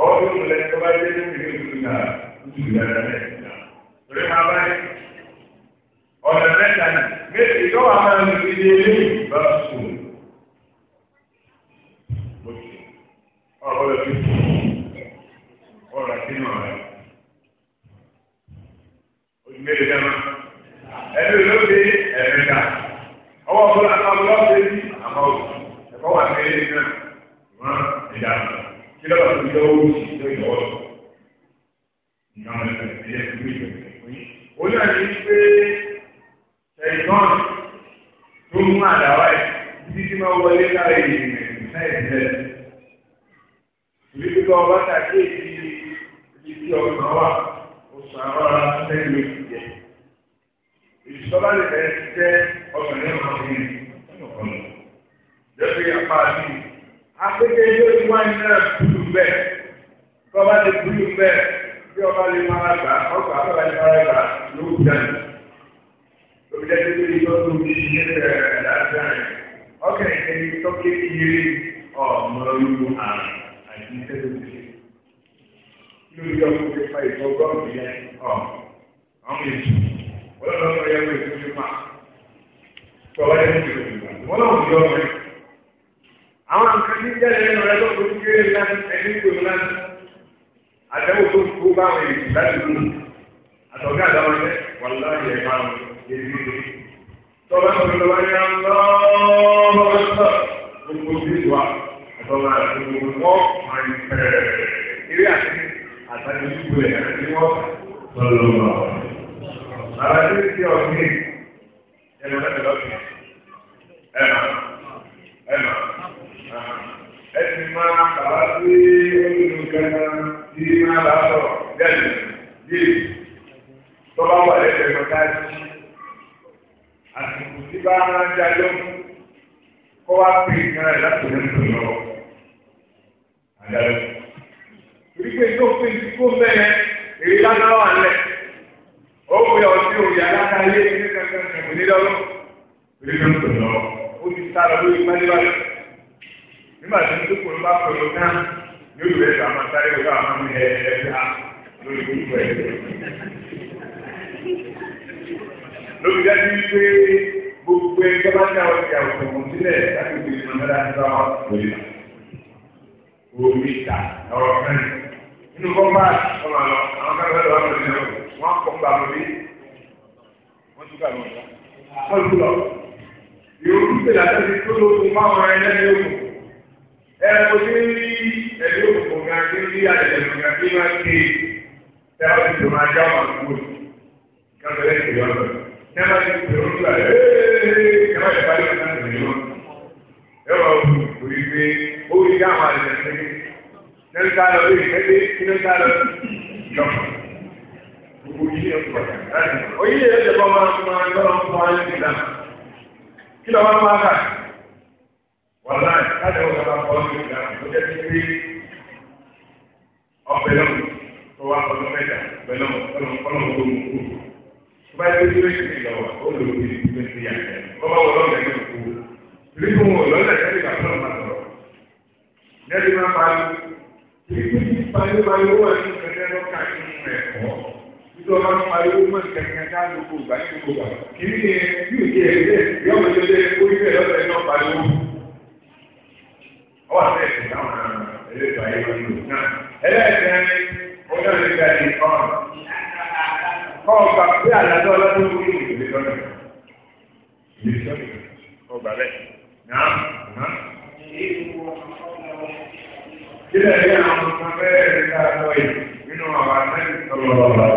ọwọ́ yóò múlẹ̀ tó bá yẹ kí ní ọ̀nà mẹ́ta ni méjì máa ń fi di ilé sùn. ọ̀rọ̀ ọ̀rọ̀ nà méjì ẹni ọwọ́ àmọ́ ẹ̀kọ́ wà ní náà. wọn ẹ̀dá kí ló bá tó yọ owó sí tó yọ ọ́ nǹkan ọ̀sẹ̀ ẹ̀yẹ tó yọ ọ́ olú àti pé ṣẹ̀gbọ́n tó mú àdáwà ẹ̀ títí tí máa wọlé lára ènìyàn ẹ̀sẹ̀ ìlú tó ọba ṣàkíyèsí ibi tí ọkàn wà oṣù àwọn ará sẹ́yìn ló ti jẹ ìṣọ́lá lè bẹ̀rẹ̀ jẹ́ ọkàn ní ọkàn ní ọkàn lọ. Jẹ́ pé apá àti ìlú akéde yóò ní wáyé náà kúlù bẹ́ẹ̀ tí ọba lè kúlù bẹ́ẹ̀ tí ọba lè máa gbà ọgbà ọba lè máa gbà lóò dání lórí dájú pé ìtọ́jú mi ti yé rẹ̀ láàbíà rẹ̀ ọkẹ́ ẹni tọ́kẹ́ kiri ọ̀mọ olú àrùn àti tẹ́lifíṣẹ́ lórí ọkùnrin fa ìfọgọ́rùn yẹn ọ̀ àwọn èso wọ́n lọ́wọ́ yẹ wọ́n èso fi máa tọ́wọ́ yẹn ti rẹ̀ wọ́n lọ́wọ́ yọ ọ̀rẹ́ àwọn nǹkan ní jẹ́lẹ̀ nínú rẹ̀ lọ́kọ̀ ní kéré láti ẹni gbòòrò láti àtẹ̀wò tó kú báwọn èyí láti lù àtọ̀gá àdáwọn ẹ̀ wọ́n láti ẹ̀ máa wọ̀ èyí lè tọ́lá tó lọ́wọ́ ní àlọ́ọ̀lọ́sọ̀ gbogbo bí wà àtọ́lá gbogbo wọn máa ń pẹ̀rẹ̀ eré àti àtàkì ìlú ẹ̀ àti wọn lọ́lọ́wọ́ bàbá tó ti ọ̀gbìn ẹ̀ lọ́kẹ́ ẹ̀ ẹsìn máa bàbá sí olùdó kankan tí máa bá sọ dẹ́nu yìí tó bá wà lẹ́sẹ̀ kọjá sí àsìkò tí bá ń dájọ́ kó wá pè nǹkan rẹ̀ láti rẹ̀ tó lọ àdáyé. Wípé tó fi kó mẹ́rẹ̀ èyí lánàá wà lẹ̀. Ó pe ọtí òyà látàlẹ́ ní kankan kẹ̀mí nílọ́rọ́. Èyí ló lọ. Ó ti sá lọ lórí pálíwájú nígbà tí ní kókò bá pẹ̀lú náà yóò yọ ẹ̀ka máa sáré wọ́n àwọn ọmọ ẹ̀ ẹ̀ ká lórí gbogbo ẹ̀. lórí dájú wípé gbogbo ẹ̀ tó bá dá ọjà òkùnkùn sílẹ̀ láti fi ìmọ̀ náà dá ọ lórí la. omi ta ọ̀rọ̀ fẹ́ nínú kọ́mbà ọmọ àlọ́ àwọn kẹ́kẹ́ lọ́wọ́ lórí náà wọ́n kọ́ gbà lórí wọ́n tún gbà lọ́wọ́ lọ́wọ́ yóò tún tẹ̀lé àti tó lóko ẹ̀rọ ní ẹ̀rí òkùnkùn ya tí ní àjẹjẹ̀rù máa ń bá wàlá ìtajà wọn bá kọ́ lórí ìlà tó jẹ́ ti pé ọbẹ̀ lọ́wọ́ tó wà kọ́ lọ́wọ́ ẹ̀dá ọbẹ̀ lọ́wọ́ kọ́lọ́wọ́ tó mú kú. tó bá yẹ kí ó ṣe ìlọ́wọ́ ó lò ó bíi ìgbé ti yà jẹ́ bọ́bá wọ lọ́wọ́ ẹ̀dá kú. rí fún wọn lọ́lẹ̀ ẹ̀dá ìgbà tó máa sọ̀rọ̀. lẹ́yìn máa pa ìpínlẹ̀ pariwo owó ẹ̀dùn kẹ́kẹ́ lọ́kà nínú ẹ̀kọ́ nítorí wọn pariwo mọ́ ìkẹ́kẹ́ ká gbogbo ìgbà ní gbogbo ìgbà kì í ṣe yóò jẹ́ ẹgbẹ́ yọ̀ọ́ ọwọ́ àti ẹ̀sìn àwọn ẹlẹ́gbẹ̀ẹ́ ayé wọn lò náà ẹlẹ́gbẹ̀ẹ́ ni ọjọ́ ìgbà ni ọ̀n kọ́ ọgbà pé àdájọ́ ọlọ́dún tó kí ìlú lọ́nà ìlú lọ́nà ọgbà bẹ́ẹ̀ náà náà. Sílẹ̀ bí àwọn ọmọ bẹ́ẹ̀ ní ká lọ yìí nínú àwọn àtẹ́sí tọ́lọ́lọ́lọ́.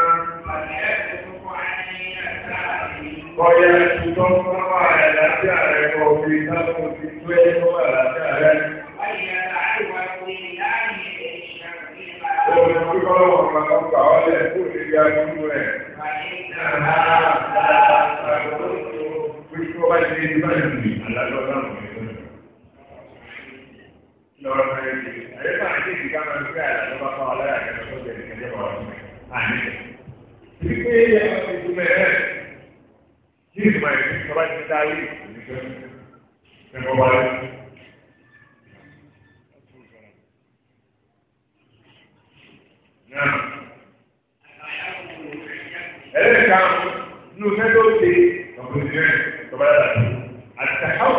bọ́yá ìtútọ́ sábà àlàáfíà rẹ̀ kọ̀ fi sábà fi tó ẹ̀ tó àlàáfíà rẹ̀. Omi kíkọ́ lọ́wọ́ máa ń gbà ọ́ lẹ̀ kó lè ya nínú rẹ̀. Wíṣọ́ bá ti di báyìí alájọ́ náà kò ní lọ́rọ̀ mẹ́rin ti. Àyè máa ń dìbò ká máa ń gbé àlàjọ́ bá fáwọn aláyàgbẹ́ tó jẹ́ ìkẹ́jẹ́ bọ̀ ọ́ àní. Ìpínlẹ̀ ọ̀sìn ìdúmẹ̀ rẹ̀ kí ìgbà yẹn ìjọba ti dárí ìgbésẹ̀ ẹ̀kọ́ wa rẹ̀. ẹlẹ́ka nínú fẹ́tọ́ ṣe ọ̀pọ̀lọpọ̀ ìjọba yàrá tó àtàkàwò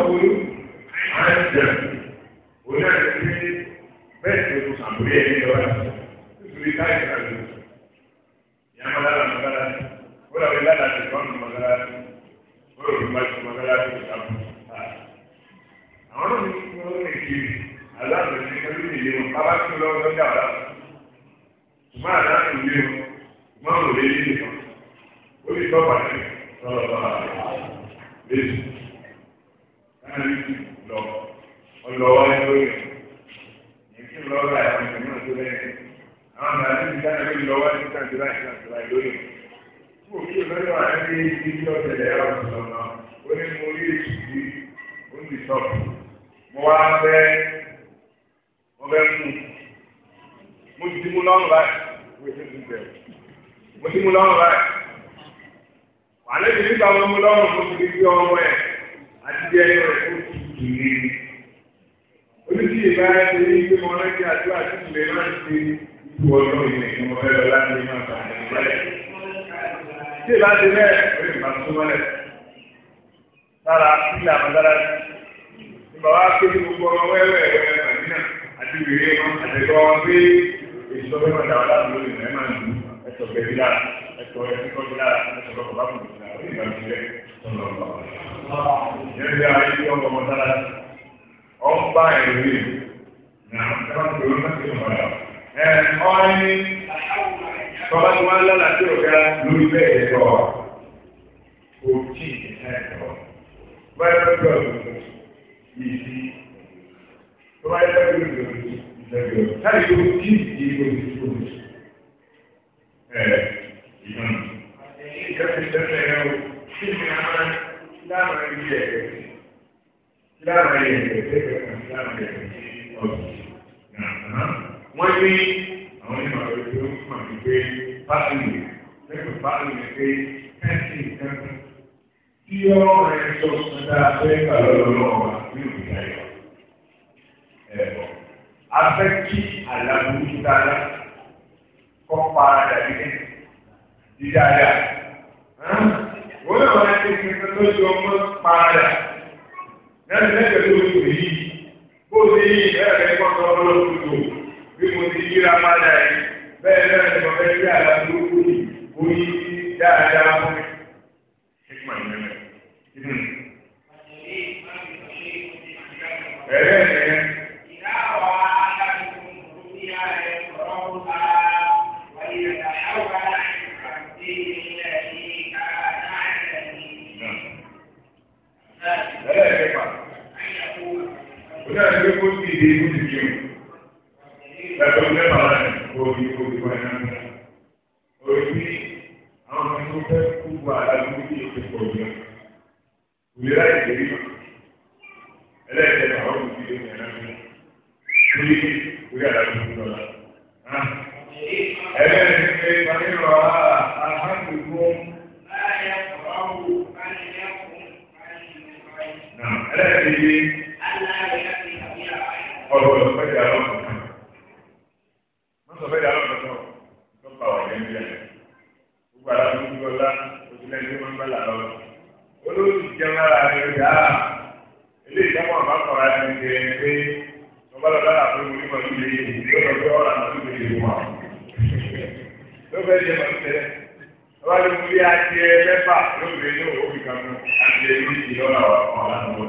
àjẹ oní àti bẹ́ẹ̀ tó tó sàmúlẹ̀ ẹ̀mí lọ́wọ́ àti ìtúrí káyọ̀ káyọ̀ yàrá lálàmọ́ lálàmọ́ ó làwọn ìlànà àti ìtọ́nù mọ́ lálàmọ́ ó lè wá sí mọ́sálásí ìdáàbò àwọn náà ní kí wọ́n lè kiri aláàbò ní ẹgbẹ́ ìdílé wọn bábá tó lọ́wọ́ ló dà wọ́n ṣùgbọ́n aláàbò ìdílé wọn wọ́n lò lé nílé kan ó lè tọ́ pàṣẹ lọ́wọ́ lọ́wọ́ lẹ́sùn náà ní kí lọ ọlọ́wọ́ lórí yìí kí lọ́wọ́ àyàwó ìgbìmọ̀ tó lẹ́yìn àwọn àti kò kí lọ́yọ̀ àrẹ́bí ibi ọ̀tẹ̀lẹ̀ ọ̀tún lọ́nà ó ní mo rí èsì bí ó ń dìtọ́pù mo wá fẹ́ mo fẹ́ mú mo ti mú lọ́rùn báyìí mo ti mú bẹ̀rù mo ti mú lọ́rùn báyìí àlejò nígbà wọn mú lọ́rùn mo ti fi ọmọ ẹ̀ àti bí ẹyọ rẹ̀ ó ti tù ní oníṣì ìbára ti ní tí ìbá ti bẹ́ẹ̀ orí ìbá tó wọlé lára sílẹ̀ àmàdára ìbá wa pé gbogbo ọmọ wẹ́wẹ́ wẹ́wẹ́ màdínà àti ìrírí wọn àtẹ̀gbọ́ wọn pé èso wẹ́wẹ́ ọ̀dà wà láti lórí ìrìn máa ń dùn ẹ̀sọ̀ bẹ̀bí lára ẹ̀sọ̀ ẹ̀sìn kọ́bí lára ẹ̀sọ̀ lọ́kọ̀ bá kùn lára orí ìbá ti bẹ́ẹ̀ ọ̀nà ọ̀nà ọ̀nà ọ̀nà ọ̀nà ọ̀nà tọ́ba ni wọ́n á lálà tí ò dára lórí bẹ́ẹ̀ yẹn tọ́ o tí ì náà tọ́ báyọ̀ lọ́jọ́ òdòdó yìí sí tọ́ba yẹn lọ́jọ́ òdòdó ìtọ́jú láti tó tí ì di òdòdó ẹ̀ ìyọ̀n ìjọsìn tẹ́lẹ̀ yẹn o tí ì máa láàmú ẹni yẹ̀ láàmú ẹni yẹ̀ tẹ́lẹ̀ kan láàmú ẹni yẹ̀ ọ̀dùn wọ́n ní àwọn onímọ̀ ọ̀rọ̀ tó ń pàdé pé báyìí lẹ́kọ̀ọ́ báyìí ni pé tẹ́sí nǹkan tí ọ̀rọ̀ rẹ̀ sọ sọ́dá abẹ́ẹ̀kà lọ́wọ́ wa ní òkúta yọ. Ẹ̀bọ̀ afẹ́ kí àlàbùkù dáadáa kọ́ pa dàbí ní dídáadáa. Wọ́n náà wọ́n ti fi nǹkan tó yọ ọmọ pa dà. Lẹ́nu lẹ́gbẹ̀ẹ́ tó yọ èyí, bó o ti yí ìrẹ́lẹ̀ kọ́tọ́ ọlọ́run bí mo ti yíra má dà yìí bẹ́ẹ̀ náà ni bàbá ẹgbẹ́ àlàbò kú yìí kú yìí dáadáa fún mi. Ṣékùmá ni mẹ́rin. Ẹ̀rẹ́ ẹ̀rẹ́. Ìdáwà aláàbò kò ní ààrẹ ọ̀rọ̀ bá ìrẹ̀lẹ̀ àwọn àti ilẹ̀ yìí ká náà rẹ̀ ní. Ẹ̀rẹ́ ẹ̀rẹ́ pa. Ó náà ní kó sì dé ibùdó jẹun. Ẹ̀rọ ìgbẹ́ bàbá rẹ̀ orí orí wáyà orí bí àwọn tí wọ́n fẹ́ kú wà lálùú ah. ní ìpínpọ̀ ọ̀gbìn òlera ìdèrí ẹlẹ́ẹ̀kẹ́ àwọn olùdí ìdèrí ẹ̀rọ ní orí orí àlàyé ìdèrí ọ̀la. ẹlẹ́ẹ̀kẹ́ pé pàmílò àhàndùkún ẹlẹ́ẹ̀kẹ́ ọ̀rọ̀ ọ̀pẹ̀jà lọ wọ́n sọ fẹ́ẹ́ dáná lọ́sọ̀ tó pa ọ̀rẹ́ ń bílẹ̀ gbogbo aláwọ̀ ń gbọ́ lá ojúlẹ̀ ní wọ́n ń bá làlọ́ olóòtú jẹun lára rẹ̀ dá ilé ìjọba àbá kọ̀ọ̀rọ̀ àti ìjẹ pé ọgbàlọ́ lára pé mo ní mọ̀ nílé ìdí ọ̀dọ́ ọ̀rọ̀ àti ìjẹ ìwà ló fẹ́ jẹ mọ̀ nílẹ̀ ọba ló fi adìẹ mẹ́fà lóògbé ní òwúrọ̀ kan mú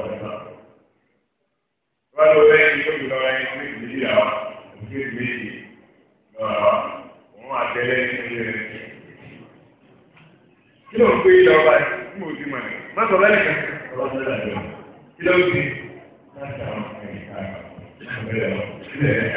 adìẹ gbé ilẹ̀ ọba yìí ní òsì mọ̀ ní. Mọ́tò bẹ́ẹ̀ nìkan. Kí ló ń ṣe? Láti àwọn ẹ̀ka ìbẹ̀rẹ̀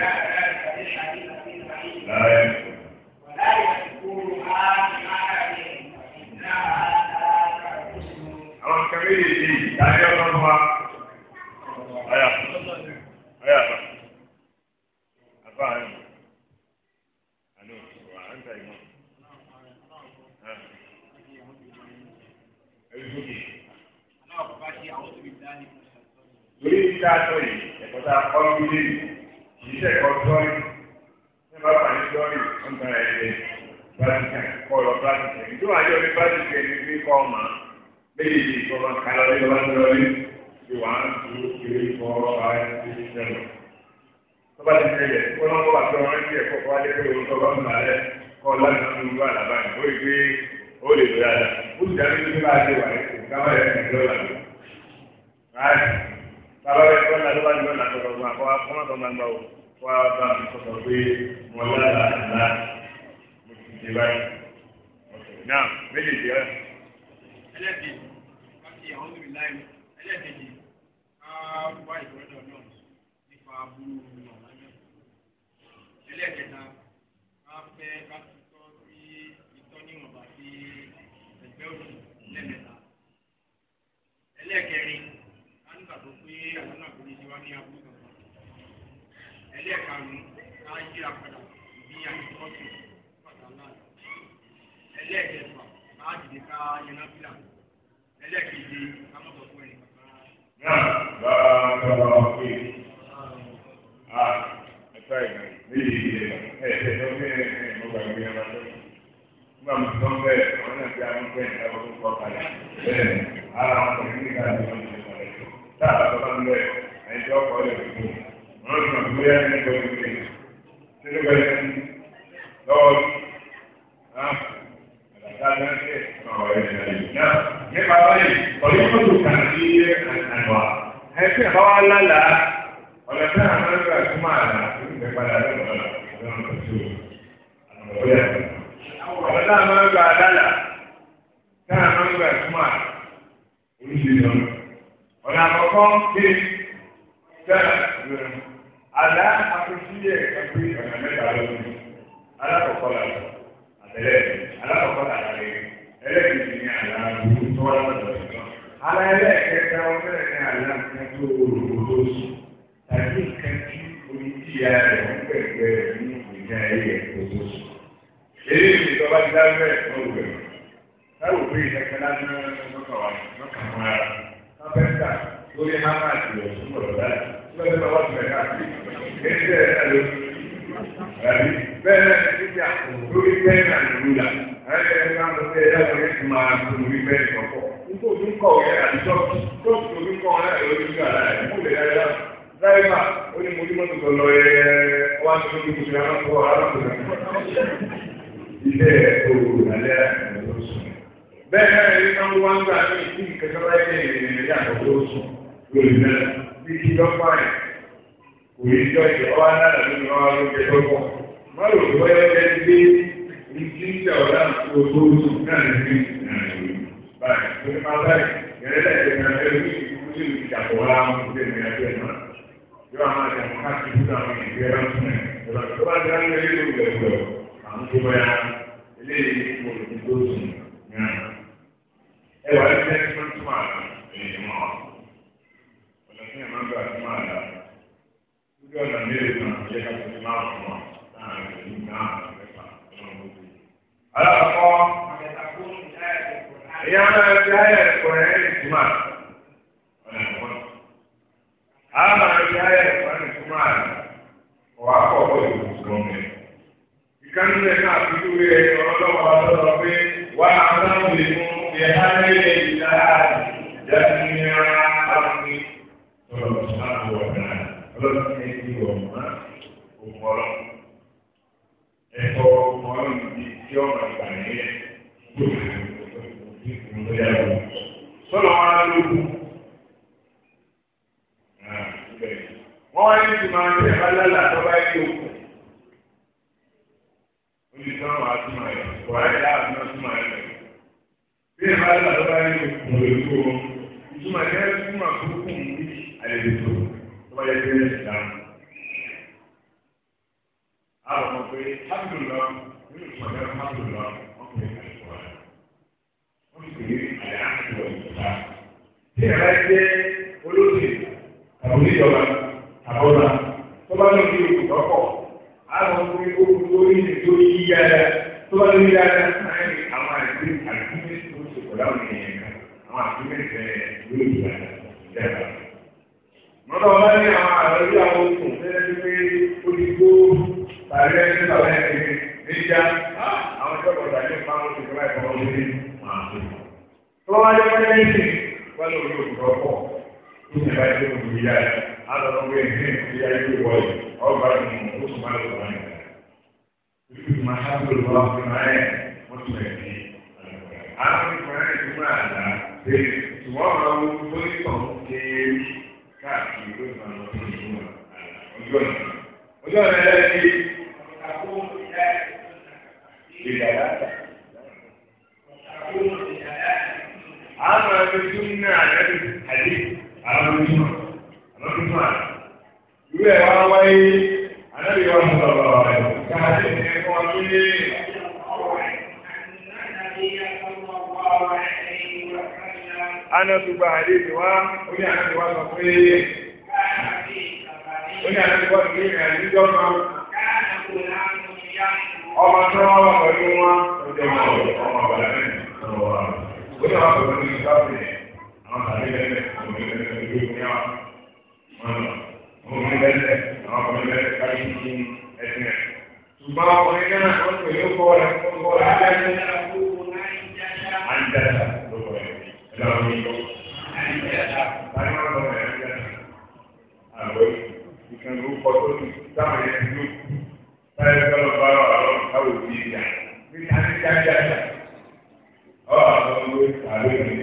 Gracias. ẹtí ẹ̀fọ́ wa lálàá ọ̀nà tí a máa ń gbà tó máa là nígbà padà lọ́wọ́ ọ̀nà tó tó àlọ́yà. ọ̀nà tí a máa ń gbà lálàá tí a máa ń gbà tó máa ọ̀nà àkọ́kọ́ bí ẹgbẹ́ ọ̀nà mẹ́ta alákọ̀ọ́kọ́ àtẹ̀lẹ́ alákọ̀ọ́kọ́ ní àlá tó wà lọ́dọ̀ọ́ ara ẹlẹ́ẹ̀kẹta ọ̀rẹ́ ní àlá nǹkan tó rò tó sùn tàbí nǹkan tí onídìyà rẹ̀ ń pẹ̀pẹ̀ rẹ̀ ní ìgbìyà ayé ẹ̀kọ́ tó sùn. eré ìjọba ti dábẹ́ ẹ̀kọ́ rẹ̀ táwọn òbí ìdẹ́kẹ́ lásán lọ́kàn wà lọ́kàn wọn ara kápẹ́ńtà lórí hámà àti ọ̀ṣun ọ̀rọ̀ láti lọ́dẹ́ bá wà ẹ̀rí bẹ́ẹ̀ níjà lórí bẹ́ẹ̀ náà lòlú la ẹ̀rẹ́ ẹ̀ka ló fẹ́ ẹ̀dá wọn yẹn ti máa tó lórí bẹ́ẹ̀ kọ̀kọ́ nítorí omi kọ̀ ẹ̀ àdìjọ́ tó ti omi kọ̀ ẹ̀ lórí ìgbà rẹ̀ mú lè dáadáa dáìbà ó ní mo ní mọ́tò tó lọ ẹ̀ wá sí omi kùsùn aláǹkó aláǹkó ilé òwò alẹ́ ẹ̀rọ bẹ́ẹ̀ náà ní ká wá ń gbà ní ìdí ìkẹ́kọ̀ọ́ òyìnbó ìjọba náà lórí wọn lóúnjẹ tó pọ̀ má lò ó bẹ́ẹ̀ bẹ́ẹ̀ gbé ní kí ń jà ọ̀la tó tó tó náà ní bí báyìí tó ní máa báyìí yẹlẹ lẹ́yìn tó ní ẹgbẹ́ ní ìdílé ìjàpọ̀ wa mú ilé mi àti ẹ̀ náà yóò àwọn àti àwọn káàkiri fún àwọn ìgbé ẹ̀rọ fún ẹ̀ ìjọba tó bá dá ní ẹgbẹ́ ìlú ìgbẹ́ àwọn tó bá yá eléyìí mo lè tó sùn náà ẹ wà ní ẹgbẹ́ tó máa ẹ̀yìn mọ́ ọ̀nà tí ẹ̀ máa ń gbà tó máa dà ojú ọ̀nà mẹ́rin náà ló yẹ ká tó ní máa fún wa láàrin ìlú náà mẹ́fà ọ̀nà gbogbo. alákọ̀ọ́ ìyá máa fi ayé ẹ̀kọ́ rẹ̀ ní ìtumà ọ̀nà ẹ̀kọ́. a máa fi ayé ẹ̀kọ́ ní ìtumà ọ̀wá kọ̀ ọ̀pọ̀ ìlú kan mẹ́. ìkànnì náà fi dúró ẹ̀ ọ̀rọ̀lọ́wọ́ ọ̀rọ̀ pé wà á sáwọn lè mú ọlọ́run ní ẹni ọ̀mọ́ òmù ọlọ́run ẹ̀kọ́ òmù ọlọ́run ti tí ọ̀nà ìgbà nìyẹn tó fi kùn lórí àwọn sọ́nà wọn á lóògùn. wọ́n wá ní ìtumọ̀ àti ìbálẹ́lá tó bá yẹ òkú. uh,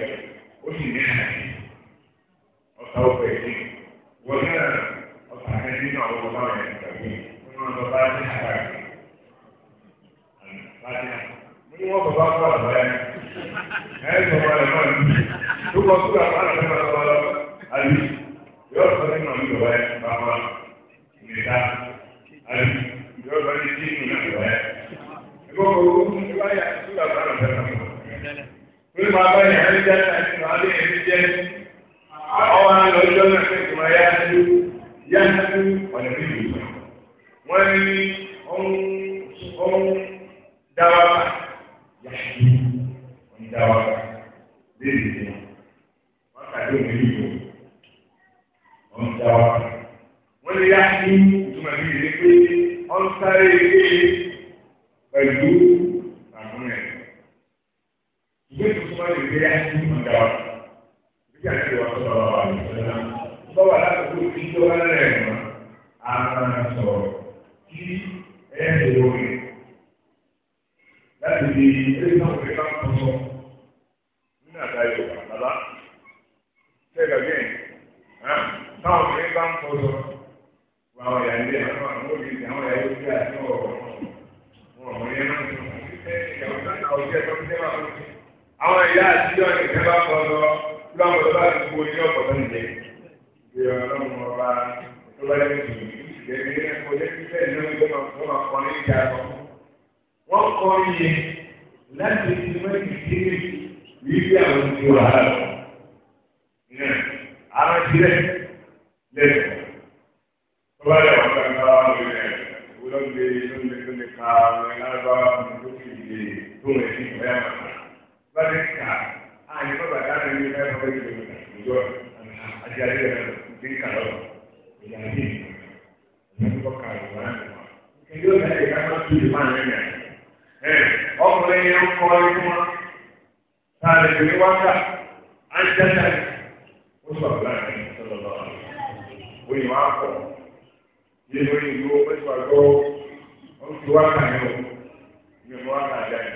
mi o mi ò wá kà jáde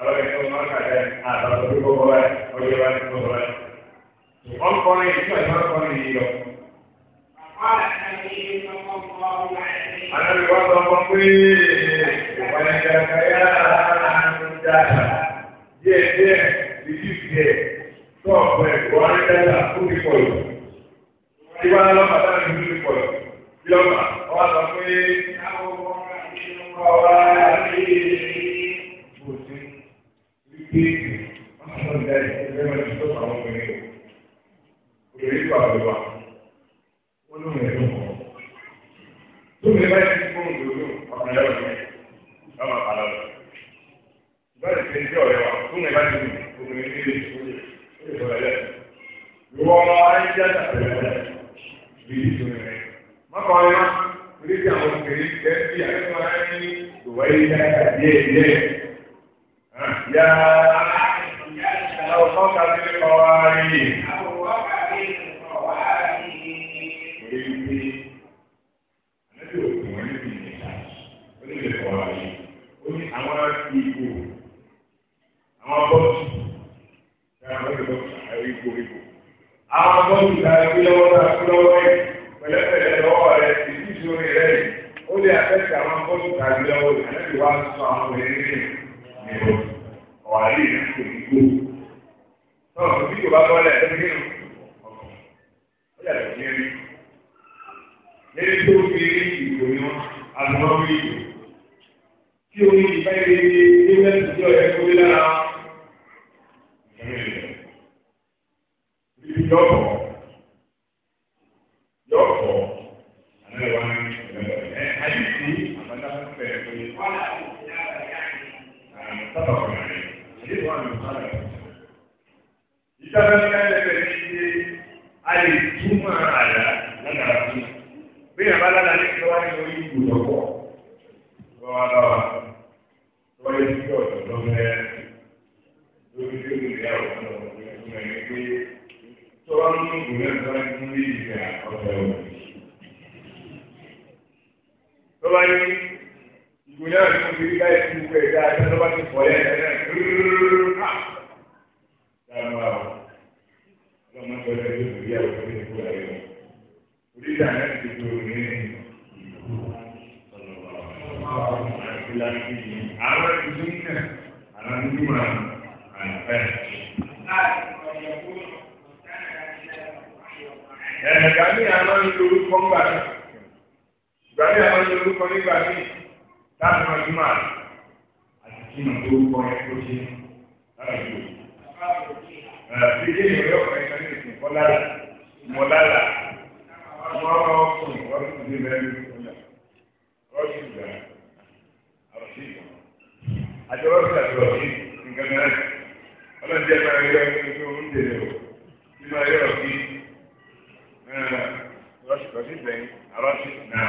àwọn ẹ̀fọ́ máa kà jáde àbàtọ̀ tó kọ́kọ́ báyìí ọjọ́ báyìí tó kọ́kọ́ báyìí. wọ́n kọrin yìí nígbà tí wọ́n kọrin yìí lọ. Àdàbí wọ́n sọ fún pé ìwọ̀n ìjàmbá yá dáadáa díẹ̀ díẹ̀ ìdí díẹ̀ tó ọ̀pọ̀ ẹ̀kọ́ àrídájà fún ìpọ̀lọ̀. Ìwọ́n lọ́pàá táwọn ìlú ìpọ̀lọ̀. Ìlọ́pàá wọ́n sọ pé kọ́ra oríṣi àwọn obìnrin tẹ́ bí àti wọn ní ìwé yá díẹ̀ díẹ̀ yá. tọ́ba ní ìgbò náà ní omi rí láì fún gbogbo ẹ̀dá ẹ̀dá tọ́ba ti pọ̀ yẹn ẹ̀dá náà dáná wa ọlọ́mọ tó ẹgbẹ́ tó kù yẹ ọ̀rọ̀ tó kù ayé wọn oríṣi àná ti tó ní àwọn ìlú náà àwọn ìlú ní orúkọ ń bàtà. Ìgbàlẹ́ àwọn ẹni orúkọ nígbà míì láti máa jùmọ̀ àlè àti kí nà tó orúkọ yẹn tó ṣe lára ìlú. Ìdílé ìwé ọ̀pọ̀ ẹ̀ka ní ìsìn kọ́lára, mọ̀lára, wọ́n máa ń fún ìwọ́sùn ìdí mẹ́rin ìkúnlẹ̀, rọ́ọ̀sì ìgbà, àròsí ìgbà, àti rọ́ọ̀sì àti rọ́ọ̀sì nǹkan mẹ́rin. Ọlọ́dẹ máa rí ọkùnrin tó ń dèrè o, bí máa rí ọ̀sìn, rọ́ọ̀sì rọ́ọ̀sì ìgbẹ̀yìn, àrọ́ọ̀sì náà.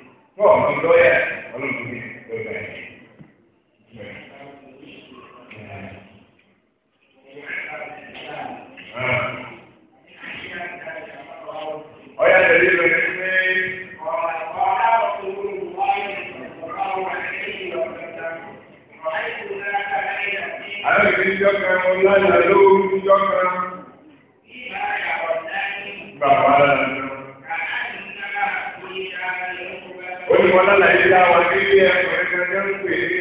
kọ́ ọ̀hún lọ́yà ọlọ́run ní lọ́yà yìí. ọ̀yà tẹ̀lé lórí pé. Àwọn ìgbésíjọ́ kan wọn lálẹ́ lórí ìjọ kan. Bàbá rẹ̀. olùkọ́lá là yìí dáwà nílé ẹ̀kọ́ ẹ̀kọ́ ẹ̀kọ́ ń pè ní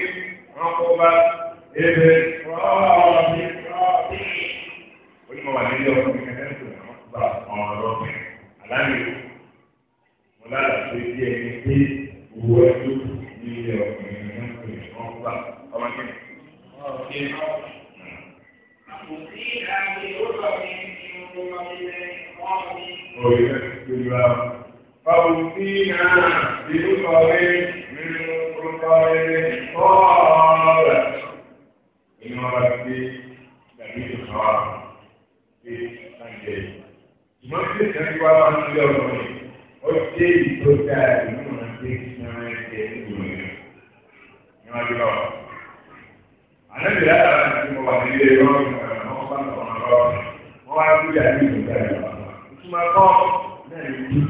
ọkọ̀ọba ebe rọ́ọ̀bì rọ́ọ̀bì. olùkọ́ wà nílé ọkọ̀ ẹ̀kọ́ ẹ̀kọ́ ẹ̀kọ́ ọkọ̀ọba ọ̀rọ̀ rọ́ọ̀bì aláàbì mo lára pé bí ẹni pé owó ẹjọ́ nílé ọkọ̀ ẹ̀kọ́ ẹ̀kọ́ ọkọ̀ọba ọmọ kẹ́kẹ́. Oye, فأوتينا بذكر من قطر قال إن ربي لبيت الصواب في سنجي ìmọ̀ tí ìsìn ti wá wọn sílẹ̀ ọ̀rọ̀ ni ó dé ìtò dáa ìlú náà dé ìsinmi ẹ̀jẹ̀ nínú rẹ̀ ní wọ́n ti lọ. àlejò yàrá láti mọ̀ wà nílé lọ́wọ́ ìgbàlá wọn bá ń sọ̀rọ̀ lọ́wọ́ wọn wá ń gbé àdéhùn ìgbàlá wọn. ìtumọ̀ ẹ̀kọ́ náà ní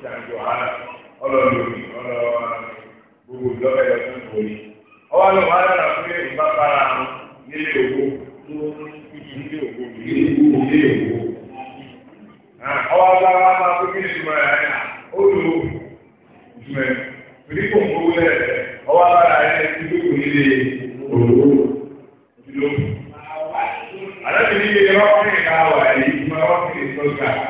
ti àjọ wàhálà ọlọ́lọ́bì ọlọ́wà gbogbo ìjọba ẹ̀rọ tó ọwọ́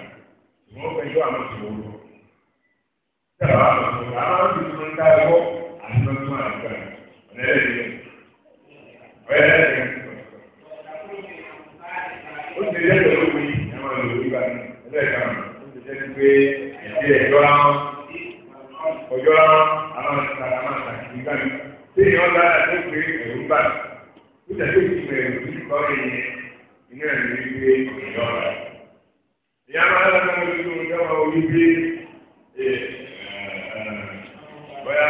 àwọn ìṣòro tẹ̀lé àwọn ìṣòro àwọn ìṣòro ń dá ẹ̀kọ́ àti lọ́dún àgbà ọ̀lẹ́lẹ́yìn ọ̀lẹ́lẹ́yìn ó ti yẹ kó lóbi ẹ̀wọ̀n lóbi bá ẹlẹ́ẹ̀kan ó ti yẹ pé ẹ̀jẹ̀ ẹ̀jọ́ àwọn ọjọ́ àwọn àṣà àwọn àṣà ìgbà mi tí ìyọ́n bá tó pé ẹ̀rú bá ó ti yẹ kó ìgbà ẹ̀rú ti kọ́ ẹ̀yẹ inú ẹ̀rú ní pé ìyọ́n bá. ya máa lọ́nà ojú ìjọba olúgbé bóyá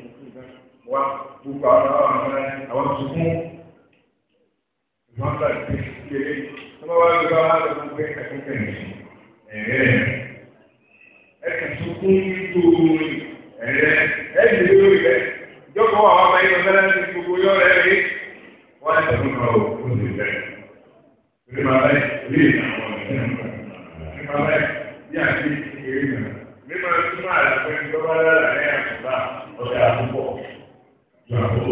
wá gbogbo àwọn àwọn àwọn àwọn tuntun ìgbọ́n tàbí pé kéré tó bá wá lè bá wá lè fún pé ẹ̀kọ́ tẹ̀lé ẹ̀rẹ́ ẹ̀kọ́ tuntun nítorí ẹ̀rẹ́ ẹ̀yìn lórí rẹ̀ ìjọba àwọn ọmọ yìí lọ́sẹ̀ láti gbogbo yọ rẹ̀ rí wọ́n ti tẹ̀lé ọ̀rọ̀ òkú ti tẹ̀ ní ma báyìí rí ìyàwó ọ̀rẹ́ ní ma báyìí bí àti ìkéré náà ní ma tún máa làpẹ́ ní bọ́bá lára ní àtúntà ọ̀sẹ̀ àtúntò. Ìgbà tó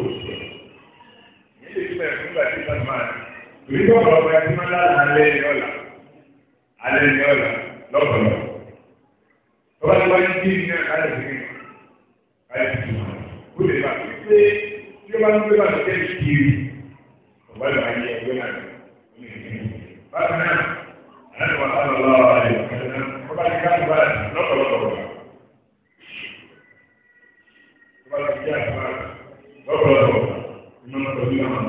ọ̀rọ̀ ọ̀gá tí máa lára alẹ́ ni ọ̀la, alẹ́ ni ọ̀la lọ́pọ̀lọpọ̀. Tọ́ba tí wọ́n ti ní àkàlẹ̀ sí nínú, àyè tó wà. Ó lè bá pípé tí ó bá ń gbé bá ti tẹ́lẹ̀ lọ́pọ̀lọpọ̀ ìmọ̀nà pẹ̀lú àwọn.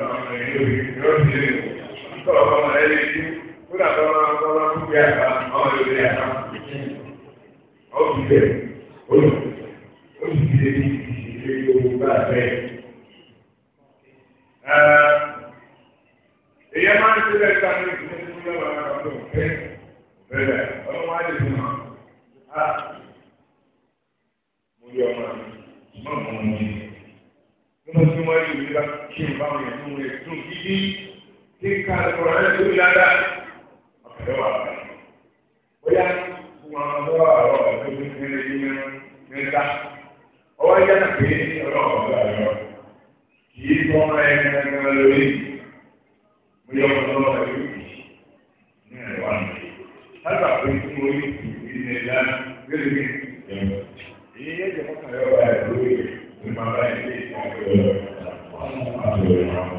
náà ẹni òbí yóò ṣe é kọ́ ọkọ ọmọ rẹ lè kú kó dà tọ́ máa tọ́ máa kú bí àgbà ọmọ rẹ lè àgbà ó fi bẹ̀rẹ̀ ó lù. tí kíkà lọ́rọ̀ rẹ̀ lórí ládàá ọ̀kẹ́lẹ́ wà bẹ́ẹ̀. bóyá wọn lọ́wọ́ àwọn ọ̀dọ́ tó ti ní mẹ́ta ọwọ́ yá pé ọlọ́wọ́ ọ̀dọ́ àlọ́ lórí lọ́wọ́ ní sábà pé kí mo rí ìdílé ẹ̀dá lórí mi ìjẹun. èyí yẹ kí wọ́n kàn yọ̀ wá ẹ̀ lórí ìgbìmọ̀ báyìí ní ìgbà